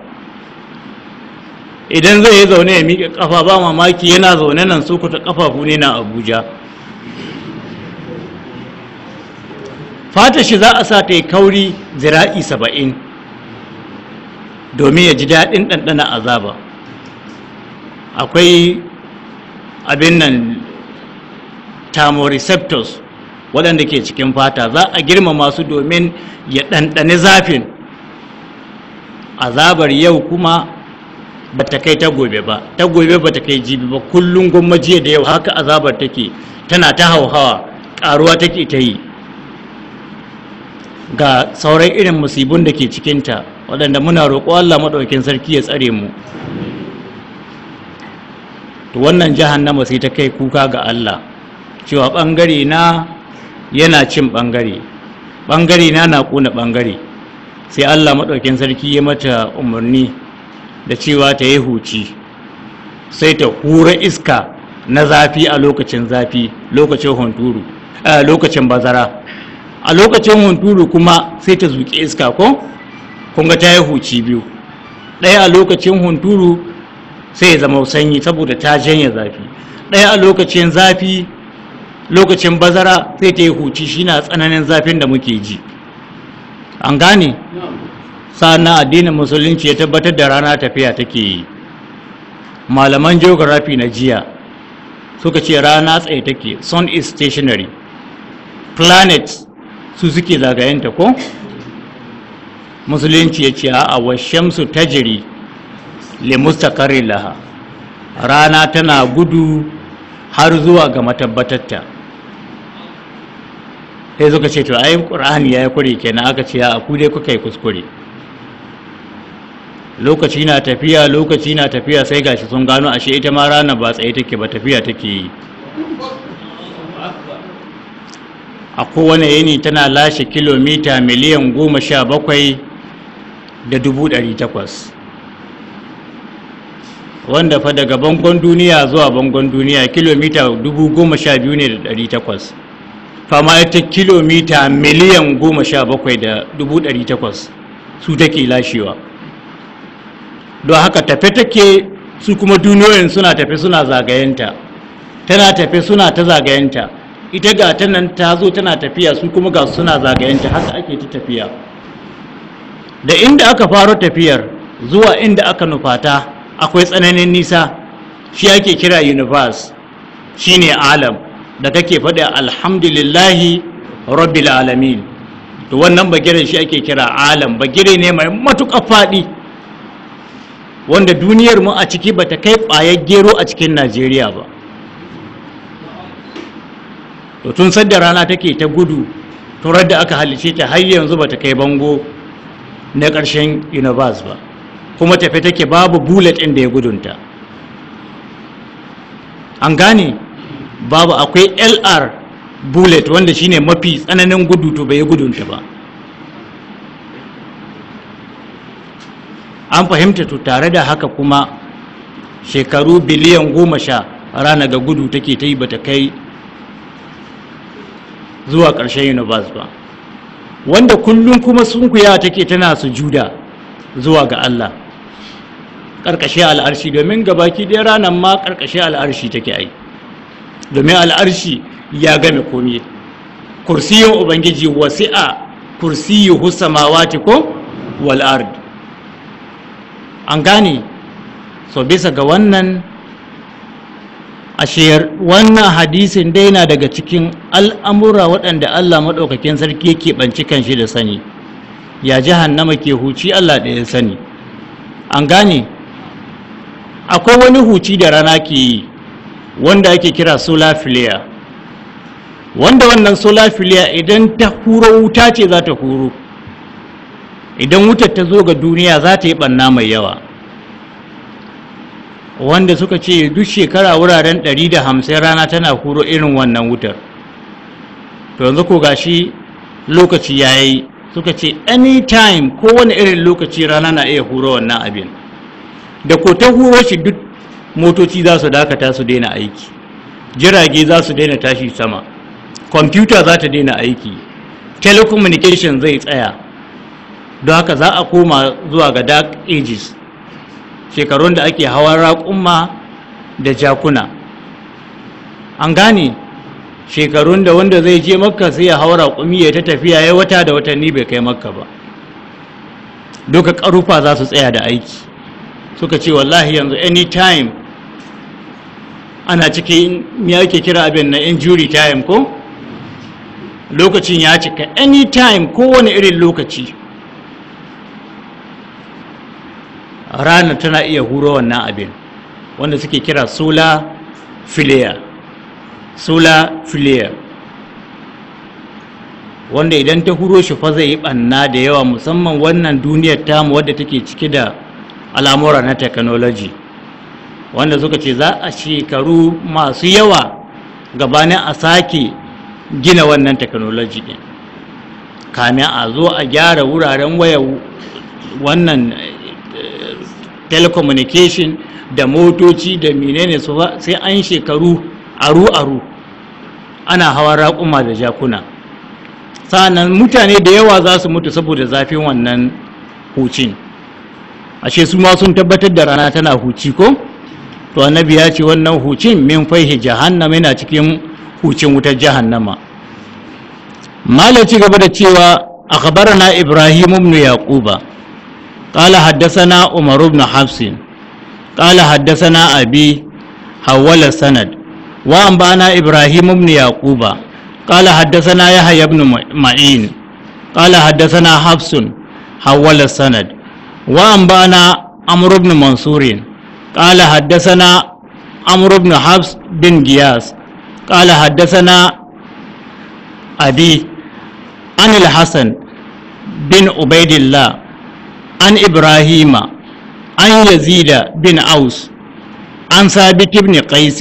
idan zai yi zaune ya miƙe ƙafa ba mamaki yana zaune nan sokoto ƙafafu ne na abuja fata shi za a sa ta yi kauri zira'i saba'in domin ya ji daɗin ɗanɗana azaba akwai abin nan tamoreceptors waɗanda ke cikin fata za a girmama su domin ya ɗanɗani zafin azabar yau kuma ba ta kai ta gobe ba ta gobe ba ta kai jibi ba kullum gwamma jiya da yau haka azabar take tana ta hauhawa ƙaruwa take ta yi ga sauran irin musibin da ke cikinta waɗanda muna roƙo Allah maɗaukin sarki ya tsare mu to wannan jahannama sai ta kai kuka ga Allah cewa ɓangare na yana cin ɓangare ɓangare na na ƙuna ɓangare sai allah maɗaukin sarki ya mata umarni da cewa ta yi huci sai ta hura iska na zafi a lokacin zafi lokacin hunturu a lokacin bazara a lokacin hunturu kuma sai ta zuƙi iska ko kunga ta yi huci biyu ɗaya a lokacin hunturu sai ya zama sanyi saboda ta janya zafi ɗaya a lokacin zafi lokacin bazara sai ta yi huci shi na tsananin zafin da muke ji an gane na addinin musulunci ya tabbatar da rana tafiya take yi malaman geography na jiya suka ce rana tsaye take sun is stationary planets su suke zagayenta ko musulunci ya ce a jiri tajiri limustakarin laha rana tana gudu har zuwa ga matabbatatta sai suka ce to ayin qur'ani ya yi kuri kenan aka ce a ku dai kuka yi kuskure lokaci na tafiya lokaci na tafiya sai gashi sun gano ashe ita ma rana ba tsaye take ba tafiya take yi a kowane yini tana lashe kilomita miliyan goma sha bakwai da dubu ɗari takwas wanda fa daga bangon duniya zuwa bangon duniya kilomita dubu goma sha biyu ne da ɗari takwas fama ta kilomita miliyan goma sha bakwai da dubu ɗari takwas su take lashewa don haka tafe take su kuma duniyoyin suna tafe suna zagayenta tana tafe suna ta zagayenta ita ga ta nan ta zo tana tafiya su kuma ga suna zagayenta haka ake ta tafiya da inda aka faro tafiyar zuwa inda aka nufata akwai tsananin nisa shi ake kira universe shine alam da kake faɗi alhamdulillahi rabbil alamin to wannan bagire shi ake kira alam bagire ne mai matuƙa faɗi wanda duniyar mu a ciki bata kai ƙwayar gero a cikin najeriya ba to tun sadda rana take ta gudu turar da aka halice ta har yanzu bata kai bango na ƙarshen universe ba kuma tafi take babu bullet ɗin da ya gudunta an gane babu akwai lr bullet wanda shine mafi tsananin gudu to bai gudunta ba an fahimta to tare da haka kuma shekaru biliyan goma sha rana ga gudu take ta yi bata kai zuwa ƙarshen universe ba wanda kullum kuma sunkuya take tana su juda zuwa ga Allah ƙarƙashe al'arshi domin gabaki ɗaya ranar ma ƙarƙashe al'arshi take aiki. domin al'arshi ya game komi kursiyin ubangiji wasi'a kursiyuhu samawati ko wal'ard an gane so bisa ga wannan ashiyar wannan hadisin dai na daga cikin al'amura waɗanda Allah maɗaukakin sarki yake ɓanci shi da sani ya ji hannama ke huci Allah da ya sani an gane akwai wani huci da rana ke yi wanda ake kira solar flare wanda wannan solar flare idan ta huro wuta ce za ta huro idan wutar ta zo ga duniya za ta yi ɓanna mai yawa wanda suka ce duk shekara wuraren 150 rana tana huro irin wannan wutar to yanzu ko gashi lokaci ya yi suka ce anytime kowane irin lokaci rana na iya huro wannan abin da ko ta huro shi duk motoci za su dakata su daina aiki jirage za su daina tashi sama kwamfuta za ta daina aiki telecommunication zai tsaya don haka za a koma zuwa ga dark ages shekarun da ake hawan raƙumma da jakuna an gane shekarun da wanda zai je makka sai ya haura raƙumi ya ta tafiya ya wata da watanni bai kai makka ba duka ƙarufa za su tsaya da aiki suka ce wallahi yanzu anytime ana ciki ya ke kira abin na injury time ko lokacin ya cika anytime kowane irin lokaci rana tana iya huro wannan abin wanda suke kira solar flare solar flare wanda idan ta huro shi fa zai yi banna da yawa musamman wannan duniyar tamu wadda take cike da al'amura na technology wanda suka ce za a shekaru masu yawa gabanin a sake gina wannan teknoloji ɗin kamin a zo a gyara wuraren waya wannan eh, telecommunication da motoci da menene su sai an shekaru aru-aru ana hawan raƙuma da jakuna sa'annan mutane da yawa za su mutu saboda zafin wannan hucin ashe su ma sun tabbatar da rana tana huci ko? to annabi ya ce wannan hucin min faihi jahannama yana cikin hucin wutar jahannama mala ci gaba da cewa akhbarana ibrahim ibn yaquba qala haddathana umar ibn hafsin qala haddathana abi hawala sanad wa ambana ibrahim ibn yaquba qala haddathana yahya ibn ma'in qala haddathana hafsun hawala sanad wa ambana amr ibn mansurin قال حدثنا عمرو بن حفص بن جياس قال حدثنا أبي عن الحسن بن عبيد الله عن إبراهيم عن يزيد بن أوس عن ثابت بن قيس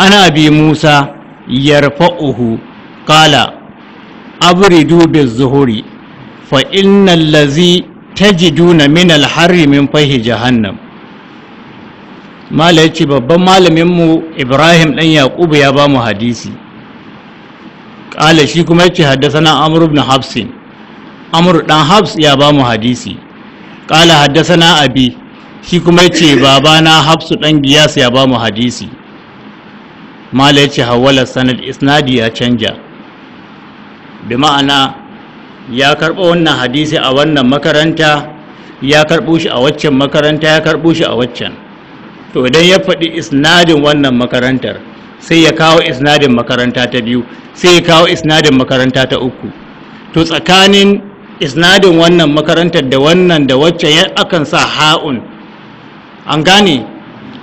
عن أبي موسى يرفعه قال أبردوا بالزهور فإن الذي تجدون من الحر من فيه جهنم mala ya ce babban malaminmu ibrahim ɗan yaƙubu ya ba mu hadisi ƙala shi kuma ya ce haddasa na amur ibn hafsin amur ɗan hafs ya ba mu hadisi ƙala haddasa na abi shi kuma ya ce babana hafsu ɗan giyas ya ba mu hadisi mala ya ce hawala sanad isnadi ya canja bi ma'ana ya karɓo wannan hadisi a wannan makaranta ya karɓo shi a waccan makaranta ya karɓo shi a waccan to idan ya faɗi isnadin wannan makarantar sai ya kawo isnadin makaranta ta biyu sai ya kawo isnadin makaranta ta uku to tsakanin isnadin wannan makarantar da wannan da wacce ya akan sa ha'un an gane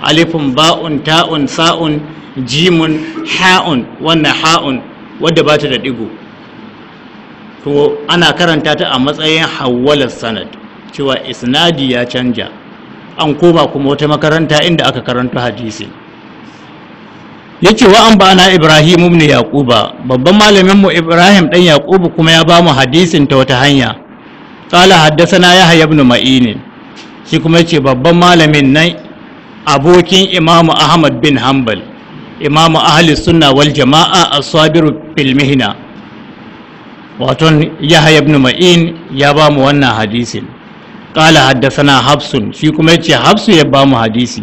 alifin ba'un ta'un sa'un jimun ha'un wannan ha'un wadda ba ta da digo to ana karanta ta a matsayin hawwalar sanad cewa isnadi ya canja an koma kuma wata makaranta inda aka karanta hadisi ya ce wa an ba na ibrahim ibn yaquba babban malamin mu ibrahim dan yaquba kuma ya ba mu hadisin ta wata hanya qala haddathana yahya ibn ma'in shi kuma yace babban malamin nan abokin Imam ahmad bin hanbal Imam ahli sunna wal jama'a as-sabir fil mihna waton yahya ibn ma'in ya ba mu wannan hadisin haddasa na Hafsun, shi kuma ya ce Hafsun ya ba mu hadisi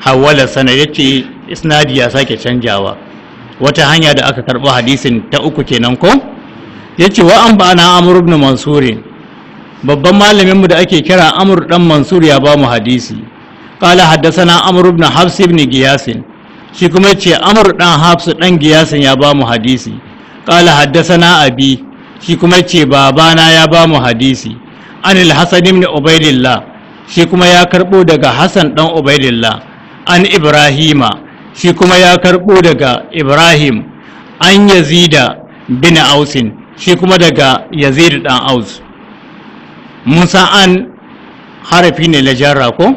hawala sana ce isnadi ya sake canjawa wata hanya da aka karɓi hadisin ta uku kenan ko Ya ce wa an na amur ibn mansuri babban malaminmu mu da ake kira amr dan mansur ya ba mu hadisi qala haddathana amur ibn habs ibn Giyasin? shi kuma ce amur dan habs dan giyasin ya ba mu hadisi haddasa na abi shi kuma ya ce babana ya ba mu hadisi an al-hasan ibn ubaidillah shi kuma ya karbo daga hasan dan ubaidillah an ibrahima shi kuma ya karbo daga ibrahim an yazida bin ausin shi kuma daga yazid dan aus musa an harafi ne na jarra ko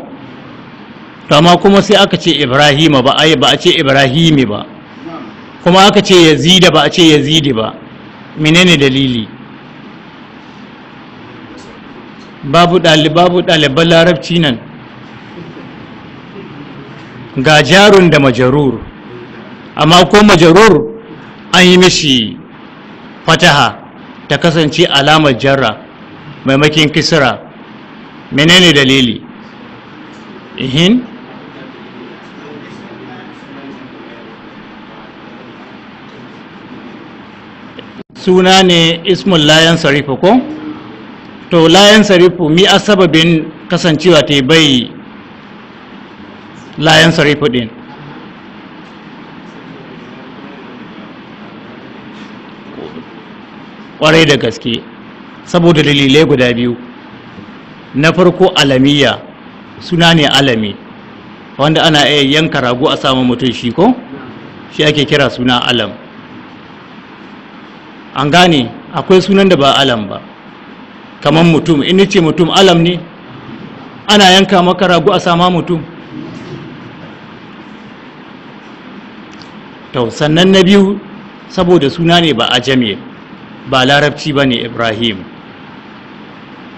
to amma kuma sai aka ce ibrahima ba ai ba a ce ibrahimi ba kuma aka ce yazida ba a ce yazidi ba menene dalili babu babu ɗaliban larabci nan ga jarun da majarur amma ko majarur an yi mishi fataha ta kasance alamar jarra maimakin kisira menene dalili ihin suna ne ismun layan sarifa ko? to layan sarifu mi a sababin kasancewa ta bai layan sarifu din kwarai da gaske saboda dalilai guda biyu na farko alamiya suna ne alami wanda ana iya yanka rago a samun mutum shi ko shi ake kira suna alam an gane akwai sunan da ba alam ba kamar mutum in ce mutum alam ne ana yanka maka ragu a sama mutum to sannan na biyu saboda suna ne ba jami'a ba larabci ba ne ibrahim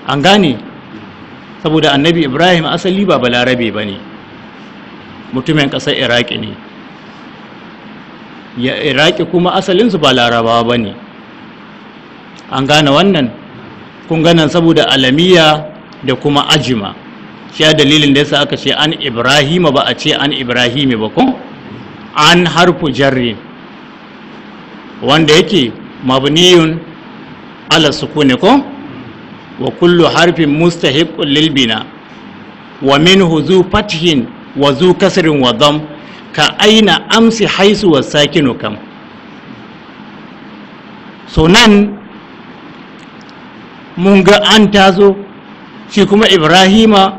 an gane saboda annabi ibrahim asali ba balarabe ba ne mutumin ƙasar iraki ne iraki kuma asalinsu ba larabawa ba ne an gane wannan kun ganan saboda alamiya da kuma ajima shi dalilin da sa aka ce an ibrahima ba a ce an ibrahimi ba ko an harfu jarri wanda yake mabniyun ala sukuni ko wa kullu harfin mustahiqun lil bina wa minhu zu fathin wa zu kasrin wa dam ka aina amsi haisu wa sakinu kam so nan mun ga an tazo shi kuma ibrahima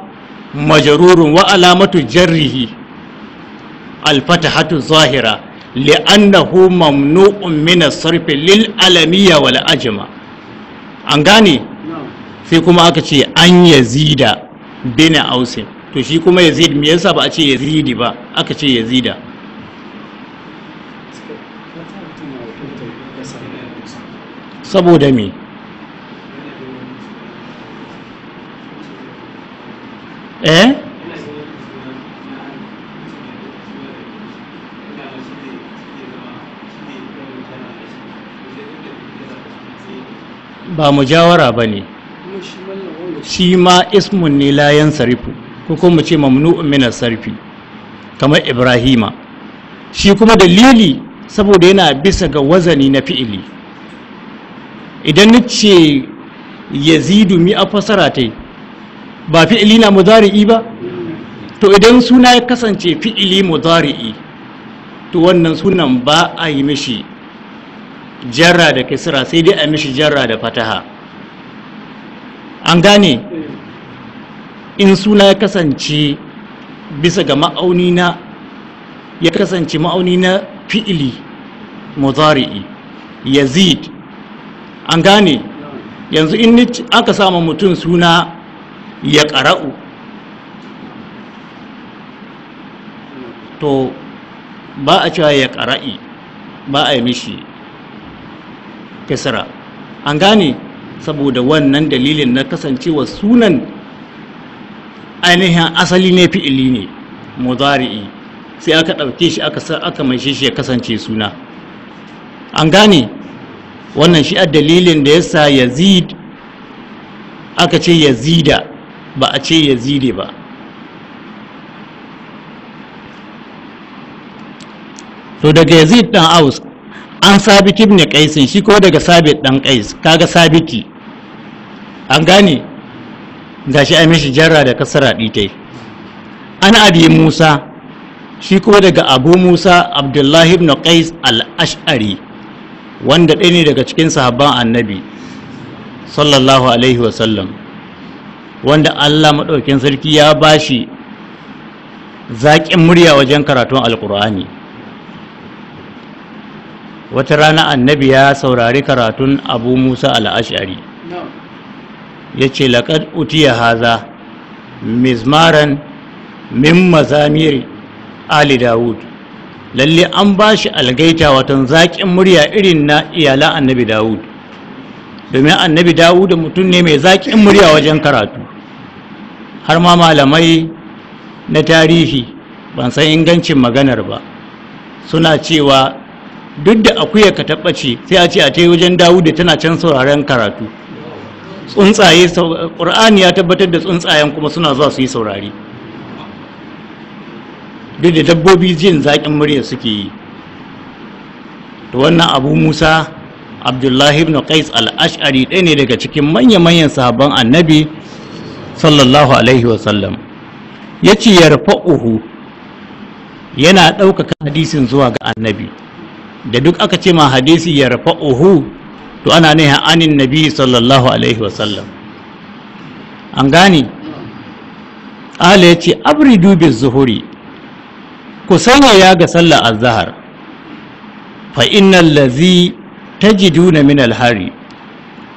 majarurun wa alamatu jarrihi alfatahatu zahira li'annahu mamnu'un min as-sarfi lil alamiya wal ajma an gane sai kuma aka ce an yazida bin ausin to shi kuma yazid me yasa ba a ce yazidi ba aka ce yazida saboda me eh ba mujawara ba ne shi ma ismun ne layan sarifu ko kuma ce mamnu'un min sarfi kamar ibrahima shi kuma dalili saboda yana bisa ga wazani na fi'ili idan nace yazidu mi a fasara tai ba fi'ili na mudari'i ba to idan suna ya kasance fi'ili mudari'i to wannan sunan ba a yi mishi jarra da kisra sai dai a mishi jarra da fataha an gane in suna ya kasance bisa ga ma'auni na ya kasance ma'auni na fi'ili mudari'i yazid an gane yanzu in aka samu mutum suna ya ƙara'u to ba a cewa ya ƙara'i ba a yi mishi kisra an gane saboda wannan dalilin na kasancewa sunan ainihin asali ne fi'ili ne mozari'i sai aka ɗauke shi aka mai shi ya kasance suna an gane wannan shi a dalilin da ya yasa yazid aka ce yazida ba a ce yazidi ba to daga yazid dan aus an sabit ibn qaisin shi ko daga sabit dan qais kaga sabiti an gane gashi ai mishi jarra da kasara ditai an abi musa shi ko daga abu musa abdullahi ibn qais al-ash'ari wanda ɗaya ne daga cikin sahabban annabi sallallahu alaihi wasallam wanda Allah maɗaukin sarki ya ba shi zaƙin murya wajen karatun alƙur'ani wata rana annabi ya saurari karatun abu musa al'ashari ya ce laƙad utiya haza mizmaran min mazamiri ali dawud lalle an ba shi algaita watan zaƙin murya irin na iyalan annabi dawud domin annabi dawud mutum ne mai zaƙin murya wajen karatu har ma malamai na tarihi ban san ingancin maganar ba suna cewa duk da akuya ka tabbace sai a ce a ta wajen dawuda tana can sauraren karatu tsuntsaye ƙur'ani ya tabbatar da tsuntsayen kuma suna zuwa su yi saurari duk da dabbobi jin zaƙin murya suke yi to wannan abu musa abdullahi ibn qais al-ash'ari ɗaya ne daga cikin manya-manyan sahabban annabi sallallahu alaihi wasallam ya ce Uhu. yana ɗaukaka hadisin zuwa ga annabi da duk aka ce ma hadisi Uhu? to ana nihin anin nabi sallallahu alaihi wasallam an gane ala ya ce Abri dubi zuhuri ku sanya ga sallar azahar fa innal lazi tajiduna min alhari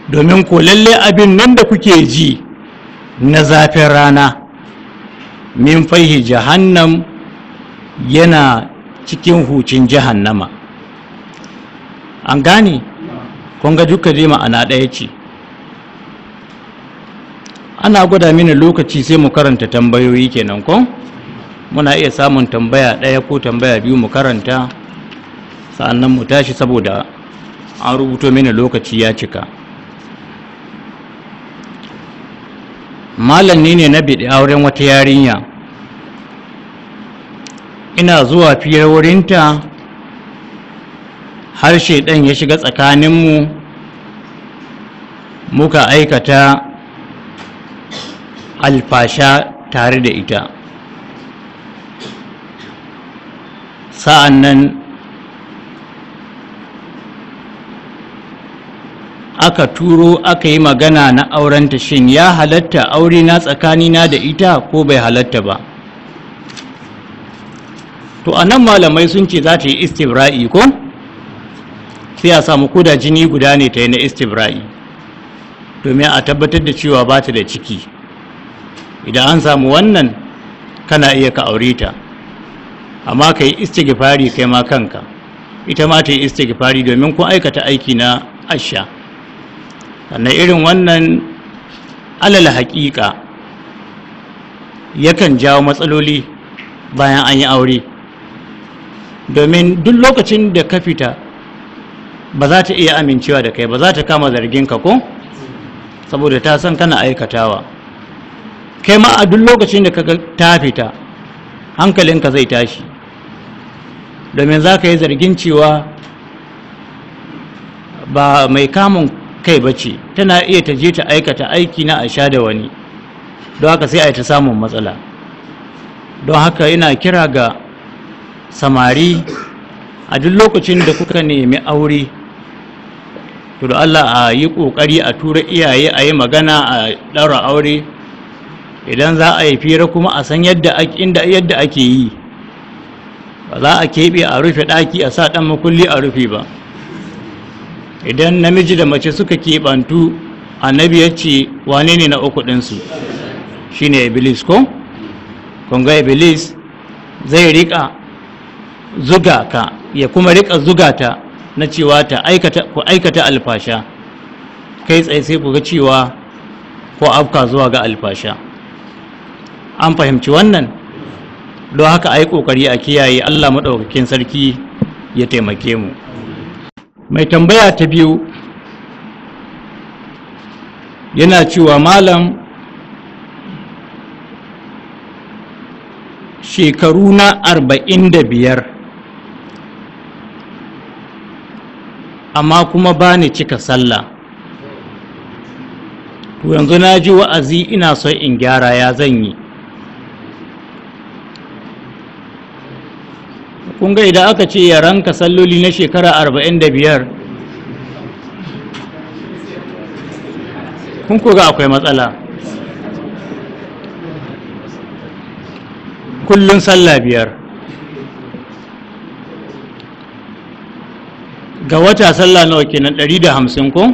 domin ko lalle abin nan da kuke ji na zafin rana min faihi jahannam yana cikin hucin jahannama an gane kunga duka je ma'ana ɗaya ce ana gwada mini lokaci sai mu karanta tambayoyi kenan ko muna iya samun tambaya ɗaya ko tambaya biyu mu karanta sa'annan mu tashi saboda an rubuto mini lokaci ya cika malam ni ne na biɗi auren wata yarinya ina zuwa fiye wurinta har shaidan ya shiga tsakaninmu muka aikata alfasha tare da ita sa'an nan aka turo aka yi magana na aurenta shin ya halatta aure na tsakani na da ita ko bai halatta ba to anan malamai sun ce za ta yi istibra'i ko sai a samu koda jini guda ne ta yi na istibra'i domin a tabbatar da cewa ba ta da ciki idan an samu wannan kana iya ka aure ta amma ka yi istighfari kai ma kanka ita ma ta yi istighfari domin kun aikata aiki na asha sannan irin wannan alal haƙiƙa yakan jawo matsaloli bayan an yi aure domin duk lokacin da ka fita ba za ta iya amincewa da kai ba za ta kama ka ko saboda ta san kana aikatawa kai ma a duk lokacin da ka ta fita hankalinka zai tashi domin za ka yi zargin cewa ba mai kamun kai bace tana iya ta je ta aikata aiki na sha da wani don haka sai a yi ta samun matsala don haka ina kira ga samari a duk lokacin da kuka nemi aure to da Allah a yi ƙoƙari a tura iyaye a yi magana a ɗaura aure idan za a yi fira kuma a san yadda yadda ake yi ba za a keɓe a rufe ɗaki a sa ɗan makulli a rufe ba idan namiji da mace suka keɓantu annabi ya ce wane ne na uku ɗinsu shi ne iblis ko? kunga iblis zai riƙa zuga ka ya kuma rika zuga ta na cewa ta aikata alfasha kai tsaye sai ku ga cewa ko afka zuwa ga alfasha an fahimci wannan don haka ai kokari a kiyaye allah maɗaukakin sarki ya taimake mu mai tambaya ta biyu yana cewa malam shekaru na arba'in da biyar amma kuma ba ni cika sallah to yanzu na ji wa'azi ina so in gyara ya zan yi kun ga idan aka ce ya ranka salloli na shekara arba'in da biyar kun ga akwai matsala kullum sallah biyar ga wata sallah nawa kenan dari da hamsin kun,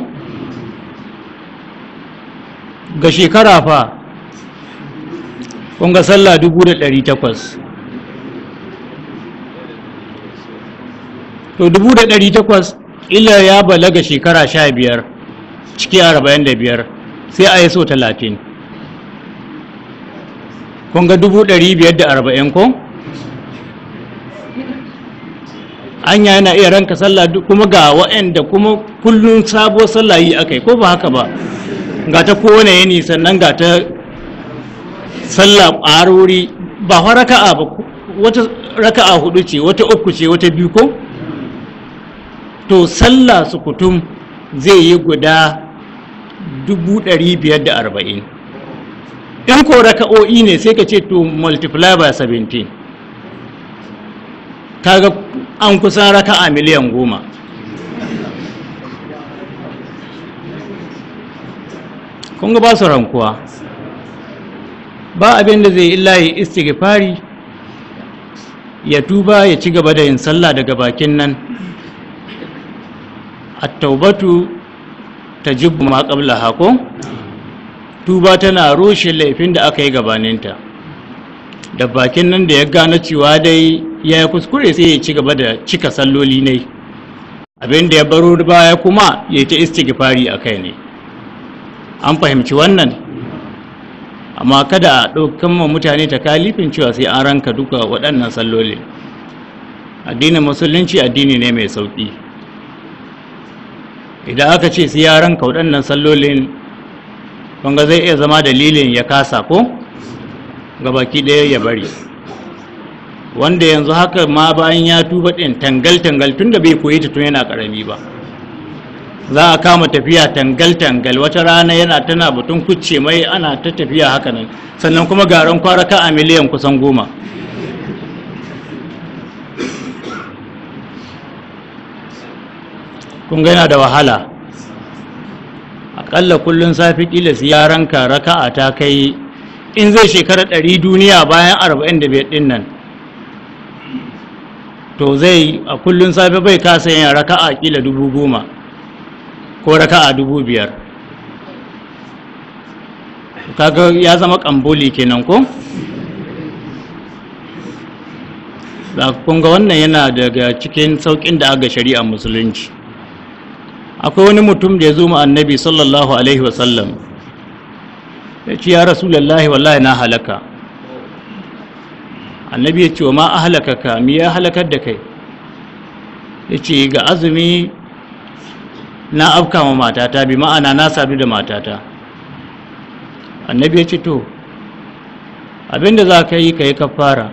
ga shekara fa kun ga sallah dubu da dari takwas to dubu da dari takwas ila ya balaga shekara sha biyar ciki arba'in da biyar sai a yi so talatin kun ga dubu dari biyar da arba'in ko anya yana iya ranka sallah kuma ga waɗanda kuma kullum sabuwar sallah yi aka ko ba haka ba ga ta kowane yini sannan ga ta sallah a ba wa raka'a ba wata raka'a hudu ce wata uku ce wata biyu ko to sallah sukutum zai yi guda 540 in ko raka'o'i ne sai ka ce to multiply by 17 kaga an kusan raka'a miliyan goma kun ga ba su rankuwa ba abin da zai illa ya istighfari ya tuba ya ci gaba da yin sallah daga bakin nan Ataubatu ta tajibbu ma qablaha ko tuba tana rushe laifin da aka yi gabaninta da bakin nan da ya gane cewa dai ya kuskure sai ya ci gaba da cika salloli ne abin da ya baro baya kuma ya ta istighfari a kai ne an fahimci wannan amma kada a ɗaukan ma mutane ta kalifin cewa sai an ranka duka waɗannan salloli addinin musulunci addini ne mai sauƙi idan aka ce sai ya ranka waɗannan sallolin wanga zai iya zama dalilin ya kasa ko ga baki ɗaya ya bari wanda yanzu haka ma bayan ya tuba ɗin tangal-tangal tun da bai koyi ta tun yana ƙarami ba za a kama tafiya tangal-tangal wata rana yana tana batun kucce mai ana ta tafiya haka nan sannan kuma garin kwaraka a miliyan kusan goma kun yana da wahala aƙalla kullum safi ƙila su yaran ka raka'a ta kai in zai shekara ɗari duniya bayan arba'in da biyar ɗin nan to zai a kullun safe bai kasa yin raka'a ƙila dubu ko raka'a dubu biyar kaga ya zama ƙamboli kenan ko? kun ga wannan yana daga cikin saukin da aga shari'a musulunci akwai wani mutum da ya zo ma annabi sallallahu alaihi wasallam ya ce ya rasulullahi wallahi na halaka annabi ya ce wa ma halaka ka mi ya halakar da kai ya ce ga azumi na afka ma matata bi ma'ana na sadu da matata annabi ya ce to abinda za ka yi ka yi kafara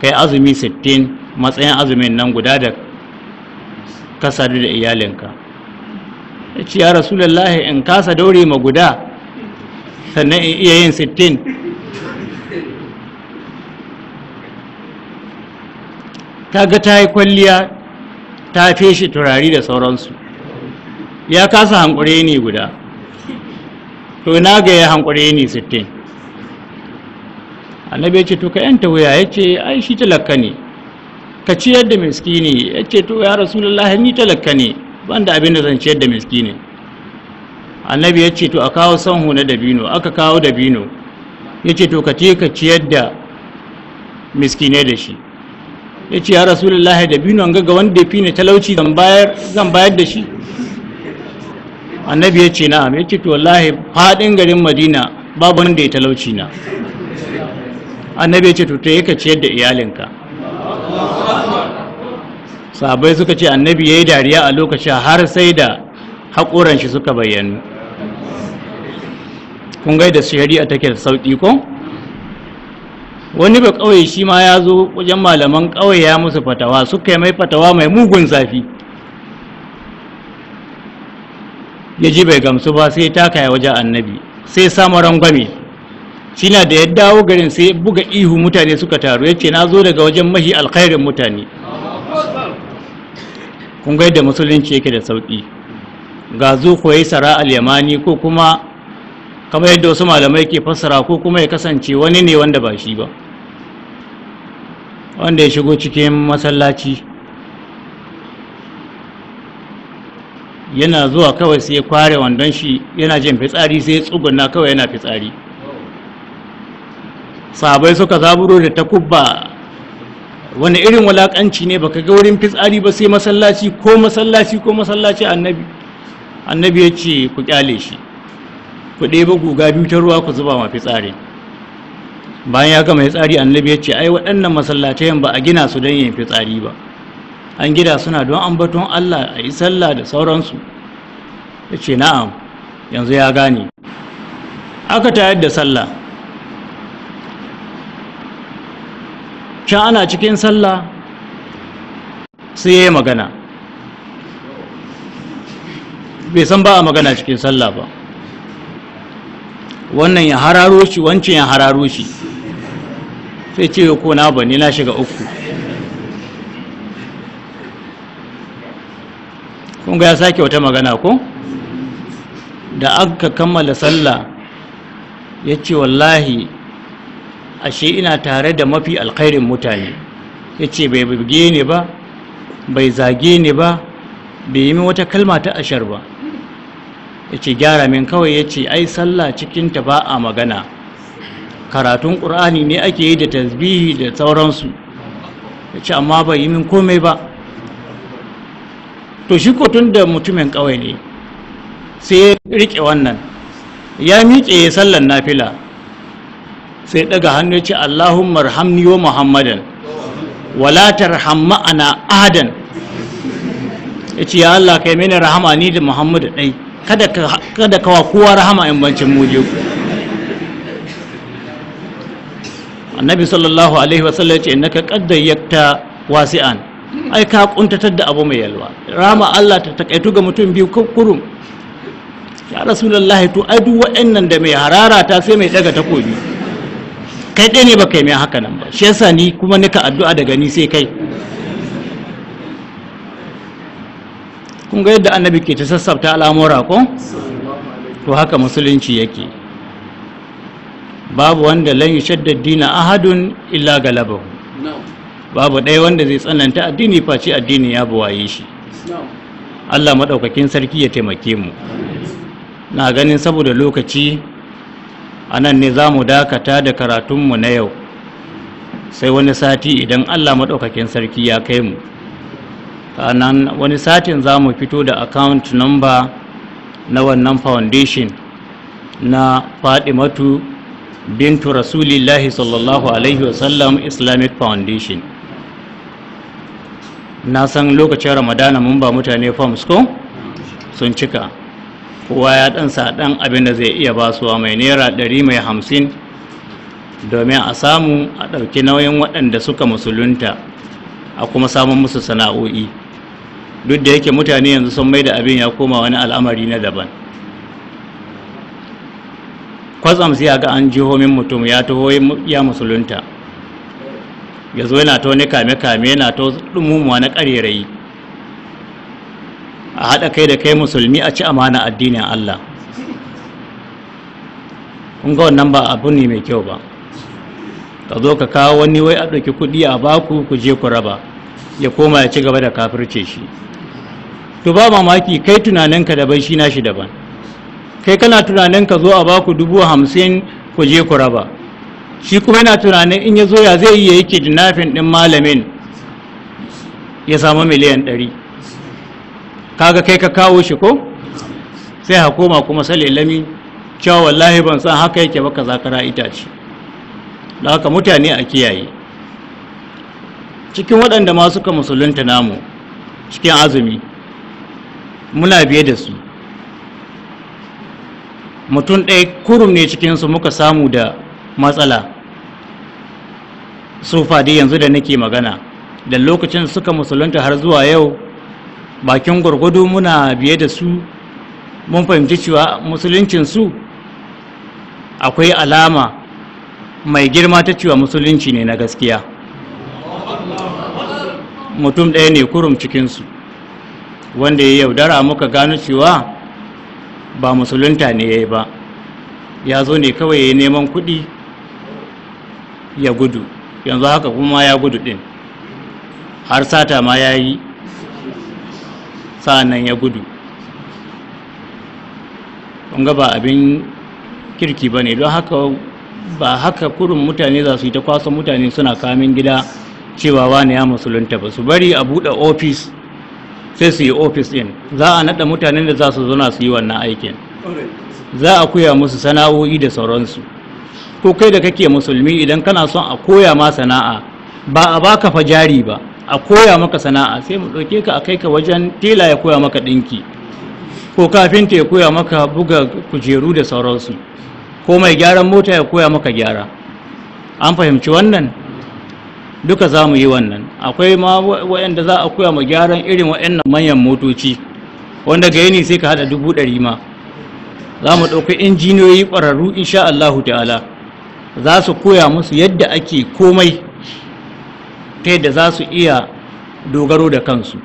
ka yi azumi sittin matsayin azumin nan guda da ka sadu da iyalinka ya ce ya rasulallah in kasa daure ma guda sannan in iya yin sittin ta ga ta yi kwalliya ta feshi turari da sauransu ya kasa hankure ne guda to na ga ya hankure ne sittin annabi ya ce to ka yanta wuya ya ce ai shi talaka ne ka ciyar da miskini ya ce to ya rasulullah ni talaka ne ban da abin da zan ciyar da miskini annabi ya ce to a kawo sanhu na dabino aka kawo dabino ya ce to ka ce ka ciyar da miskinai da shi ya ce ya rasulullah dabino an gaga wanda ya fi ne talauci zan bayar da shi annabi ya ce na'am ya ce to wallahi faɗin garin madina babu wanda ya talauci na annabi ya ce to ta yi ka ciyar da iyalinka Sabai suka ce annabi ya yi dariya a lokaci har sai da haƙoran shi suka bayyanu kun gaida shari'a take da sauƙi ko wani ba ƙauye shi ma ya zo wajen malaman ƙauye ya musu fatawa suka yi mai fatawa mai mugun zafi ya ji bai gamsu ba sai ta kaya wajen annabi sai samu rangwame shina da ya dawo garin sai buga ihu mutane suka taru ya ce na zo daga wajen mahi alkhairin mutane kun da musulunci yake da sauƙi ga zo koyi sara al-yamani ko kuma kamar yadda wasu malamai ke fassara ko kuma ya kasance wani ne wanda ba shi ba wanda ya shigo cikin masallaci yana zuwa kawai sai ya kware wandon shi yana jin fitsari sai ya tsuguna kawai yana fitsari Sabai suka zaburo da takubba wani irin walakanci ne baka ga wurin fitsari ba sai masallaci ko masallaci ko masallaci annabi annabi ya ce ku kyale shi ku ɗeba guga biyu ta ruwa ku zuba ma fitsari bayan ya gama fitsari annabi ya ce ai waɗannan masallatayen ba a gina su don yin fitsari ba an gida suna don ambaton Allah a yi sallah da sauransu ya ce na'am yanzu ya gane aka tayar da sallah can ana cikin sallah sai ya yi magana bai san ba a magana cikin sallah ba wannan ya hararo shi wancan ya hararo shi sai ce ko na ba ni na shiga uku kun ya sake wata magana ko da aka kammala sallah ya ce wallahi ashe ina tare da mafi alkhairin mutane ya ce bai buge ni ba bai zage ni ba bai yi min wata kalma ta ashar ba ya ce gyara min kawai ya ce ai sallah cikinta ba a magana karatun ƙur'ani ne ake yi da tasbihi da sauransu ya ce amma bai yi min komai ba to shi kotun da mutumin kawai ne sai ya riƙe wannan ya miƙe sallan nafila sai daga hannu ce Allahumma rahamni Muhammadan wala tarham ma'ana ahadan yace ya Allah kai mini rahama ni da Muhammadu dai kada ka kowa rahama in bancin mu Annabi sallallahu alaihi wasallam yace innaka qad wasi'an ai ka kuntatar da abu mai yalwa rama Allah ta takaitu ga mutum biyu kurum ya rasulullahi to ai duk waɗannan da mai harara ta sai mai daga takobi kai ɗaya ne baka yi mai haka nan ba shi yasa ni kuma nika addu'a daga ni sai kai kun ga yadda annabi ke ta sassafta al'amura ko to haka musulunci yake babu wanda lan yashadda dina ahadun illa galabahu babu ɗaya wanda zai tsananta addini face addini ya buwaye shi Allah maɗaukakin sarki ya taimake mu na ganin saboda lokaci anan ne za mu dakata da karatunmu na yau sai wani sati idan allah maɗaukakin sarki ya kai mu anan wani satin za mu fito da account number na wannan foundation na fadimatu bintu rasulillahi sallallahu alaihi wasallam islamic foundation na san lokacin ramadana mun ba mutane forms ko sun cika kowa ya ɗan sa ɗan abin da zai iya basuwa mai naira ɗari mai hamsin domin a samu a ɗauki nauyin waɗanda suka musulunta a kuma samun musu sana'o'i duk da yake mutane yanzu sun mai da abin ya koma wani al'amari na daban kwatsam sai ga an jihomin mutum ya taho ya musulunta ya zo yana ta wani kame-kame yana ta ɗumumuwa na ƙarerayi a haɗa kai da kai musulmi a ci amana addinin Allah kun ga wannan ba abu ne mai kyau ba ka zo ka kawo wani wai a ɗauki kuɗi a baku ku je ku raba ya koma ya ci gaba da kafirce shi to ba mamaki kai tunaninka daban shi nashi daban kai kana tunanin ka zo a baku dubu hamsin ku je ku raba shi kuma yana tunanin in ya zo ya zai yi ya yi kidnafin ɗin malamin ya samu miliyan ɗari kaga kai ka kawo shi ko sai koma kuma salilami cewa wallahi ban san haka yake ba kaza kara itace da haka mutane a kiyaye cikin waɗanda ma suka musulunta namu cikin azumi muna biye da su mutum ɗaya kurum ne cikinsu muka samu da matsala sufa dai yanzu da nake magana da lokacin suka musulunta har zuwa yau bakin gwargwado muna biye da su mun fahimci cewa su akwai alama mai girma ta cewa musulunci ne na gaskiya mutum ɗaya ne kurum cikinsu wanda ya yaudara muka gano cewa ba musulunta ne ya yi ba ya zo ne kawai ya neman kuɗi ya gudu yanzu haka kuma ya gudu ɗin har sata ma ya yi sa'annan ya gudu ga ba abin kirki ba ne don haka ba haka kurin mutane za su yi ta kwasa mutane suna kamin gida cewa wani ya musulunta ba su bari a buɗe ofis sai su yi ofis ɗin za a naɗa mutanen da za su zauna su yi wannan aikin za a koya musu sana'o'i da sauransu ko kai da kake musulmi idan kana son a koya ma sana'a ba a baka jari ba a koya maka sana'a sai mu ɗauke ka a kai ka wajen tela ya koya maka ɗinki ko kafinta ya koya maka buga kujeru da sauransu ko mai gyaran mota ya koya maka gyara an fahimci wannan duka za mu yi wannan akwai ma waɗanda za a koya ma gyaran irin waɗannan manyan motoci wanda ga yini sai ka haɗa dubu ɗari ma za mu ɗauki injiniyoyi ƙwararru insha Allahu ta'ala za su koya musu yadda ake komai ta yadda za su iya dogaro da kansu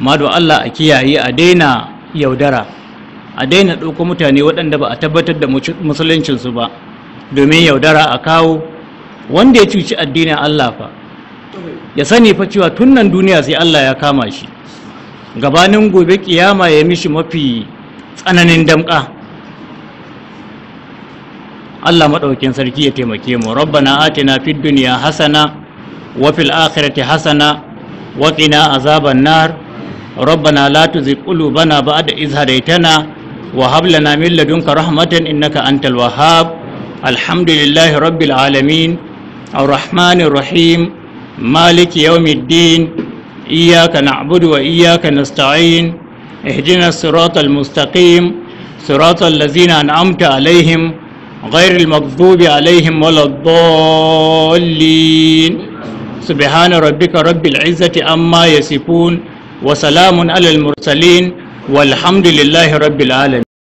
madu Allah a kiyaye a daina yaudara a daina ɗauko mutane waɗanda ba a tabbatar da musuluncinsu ba domin yaudara a kawo wanda ya cuci addinin Allah fa ya sani fa cewa tun nan duniya sai Allah ya kama shi gabanin gobe kiyama ya mishi mafi tsananin damƙa Allah maɗaukin sarki ya taimake mu rabbana atina fid duniya hasana وفي الآخرة حسنة وقنا عذاب النار ربنا لا تزغ قلوبنا بعد إذ هديتنا وهب لنا من لدنك رحمة إنك أنت الوهاب الحمد لله رب العالمين الرحمن الرحيم مالك يوم الدين إياك نعبد وإياك نستعين اهدنا الصراط المستقيم صراط الذين أنعمت عليهم غير المغضوب عليهم ولا الضالين سبحان ربك رب العزة أما يصفون وسلام على المرسلين والحمد لله رب العالمين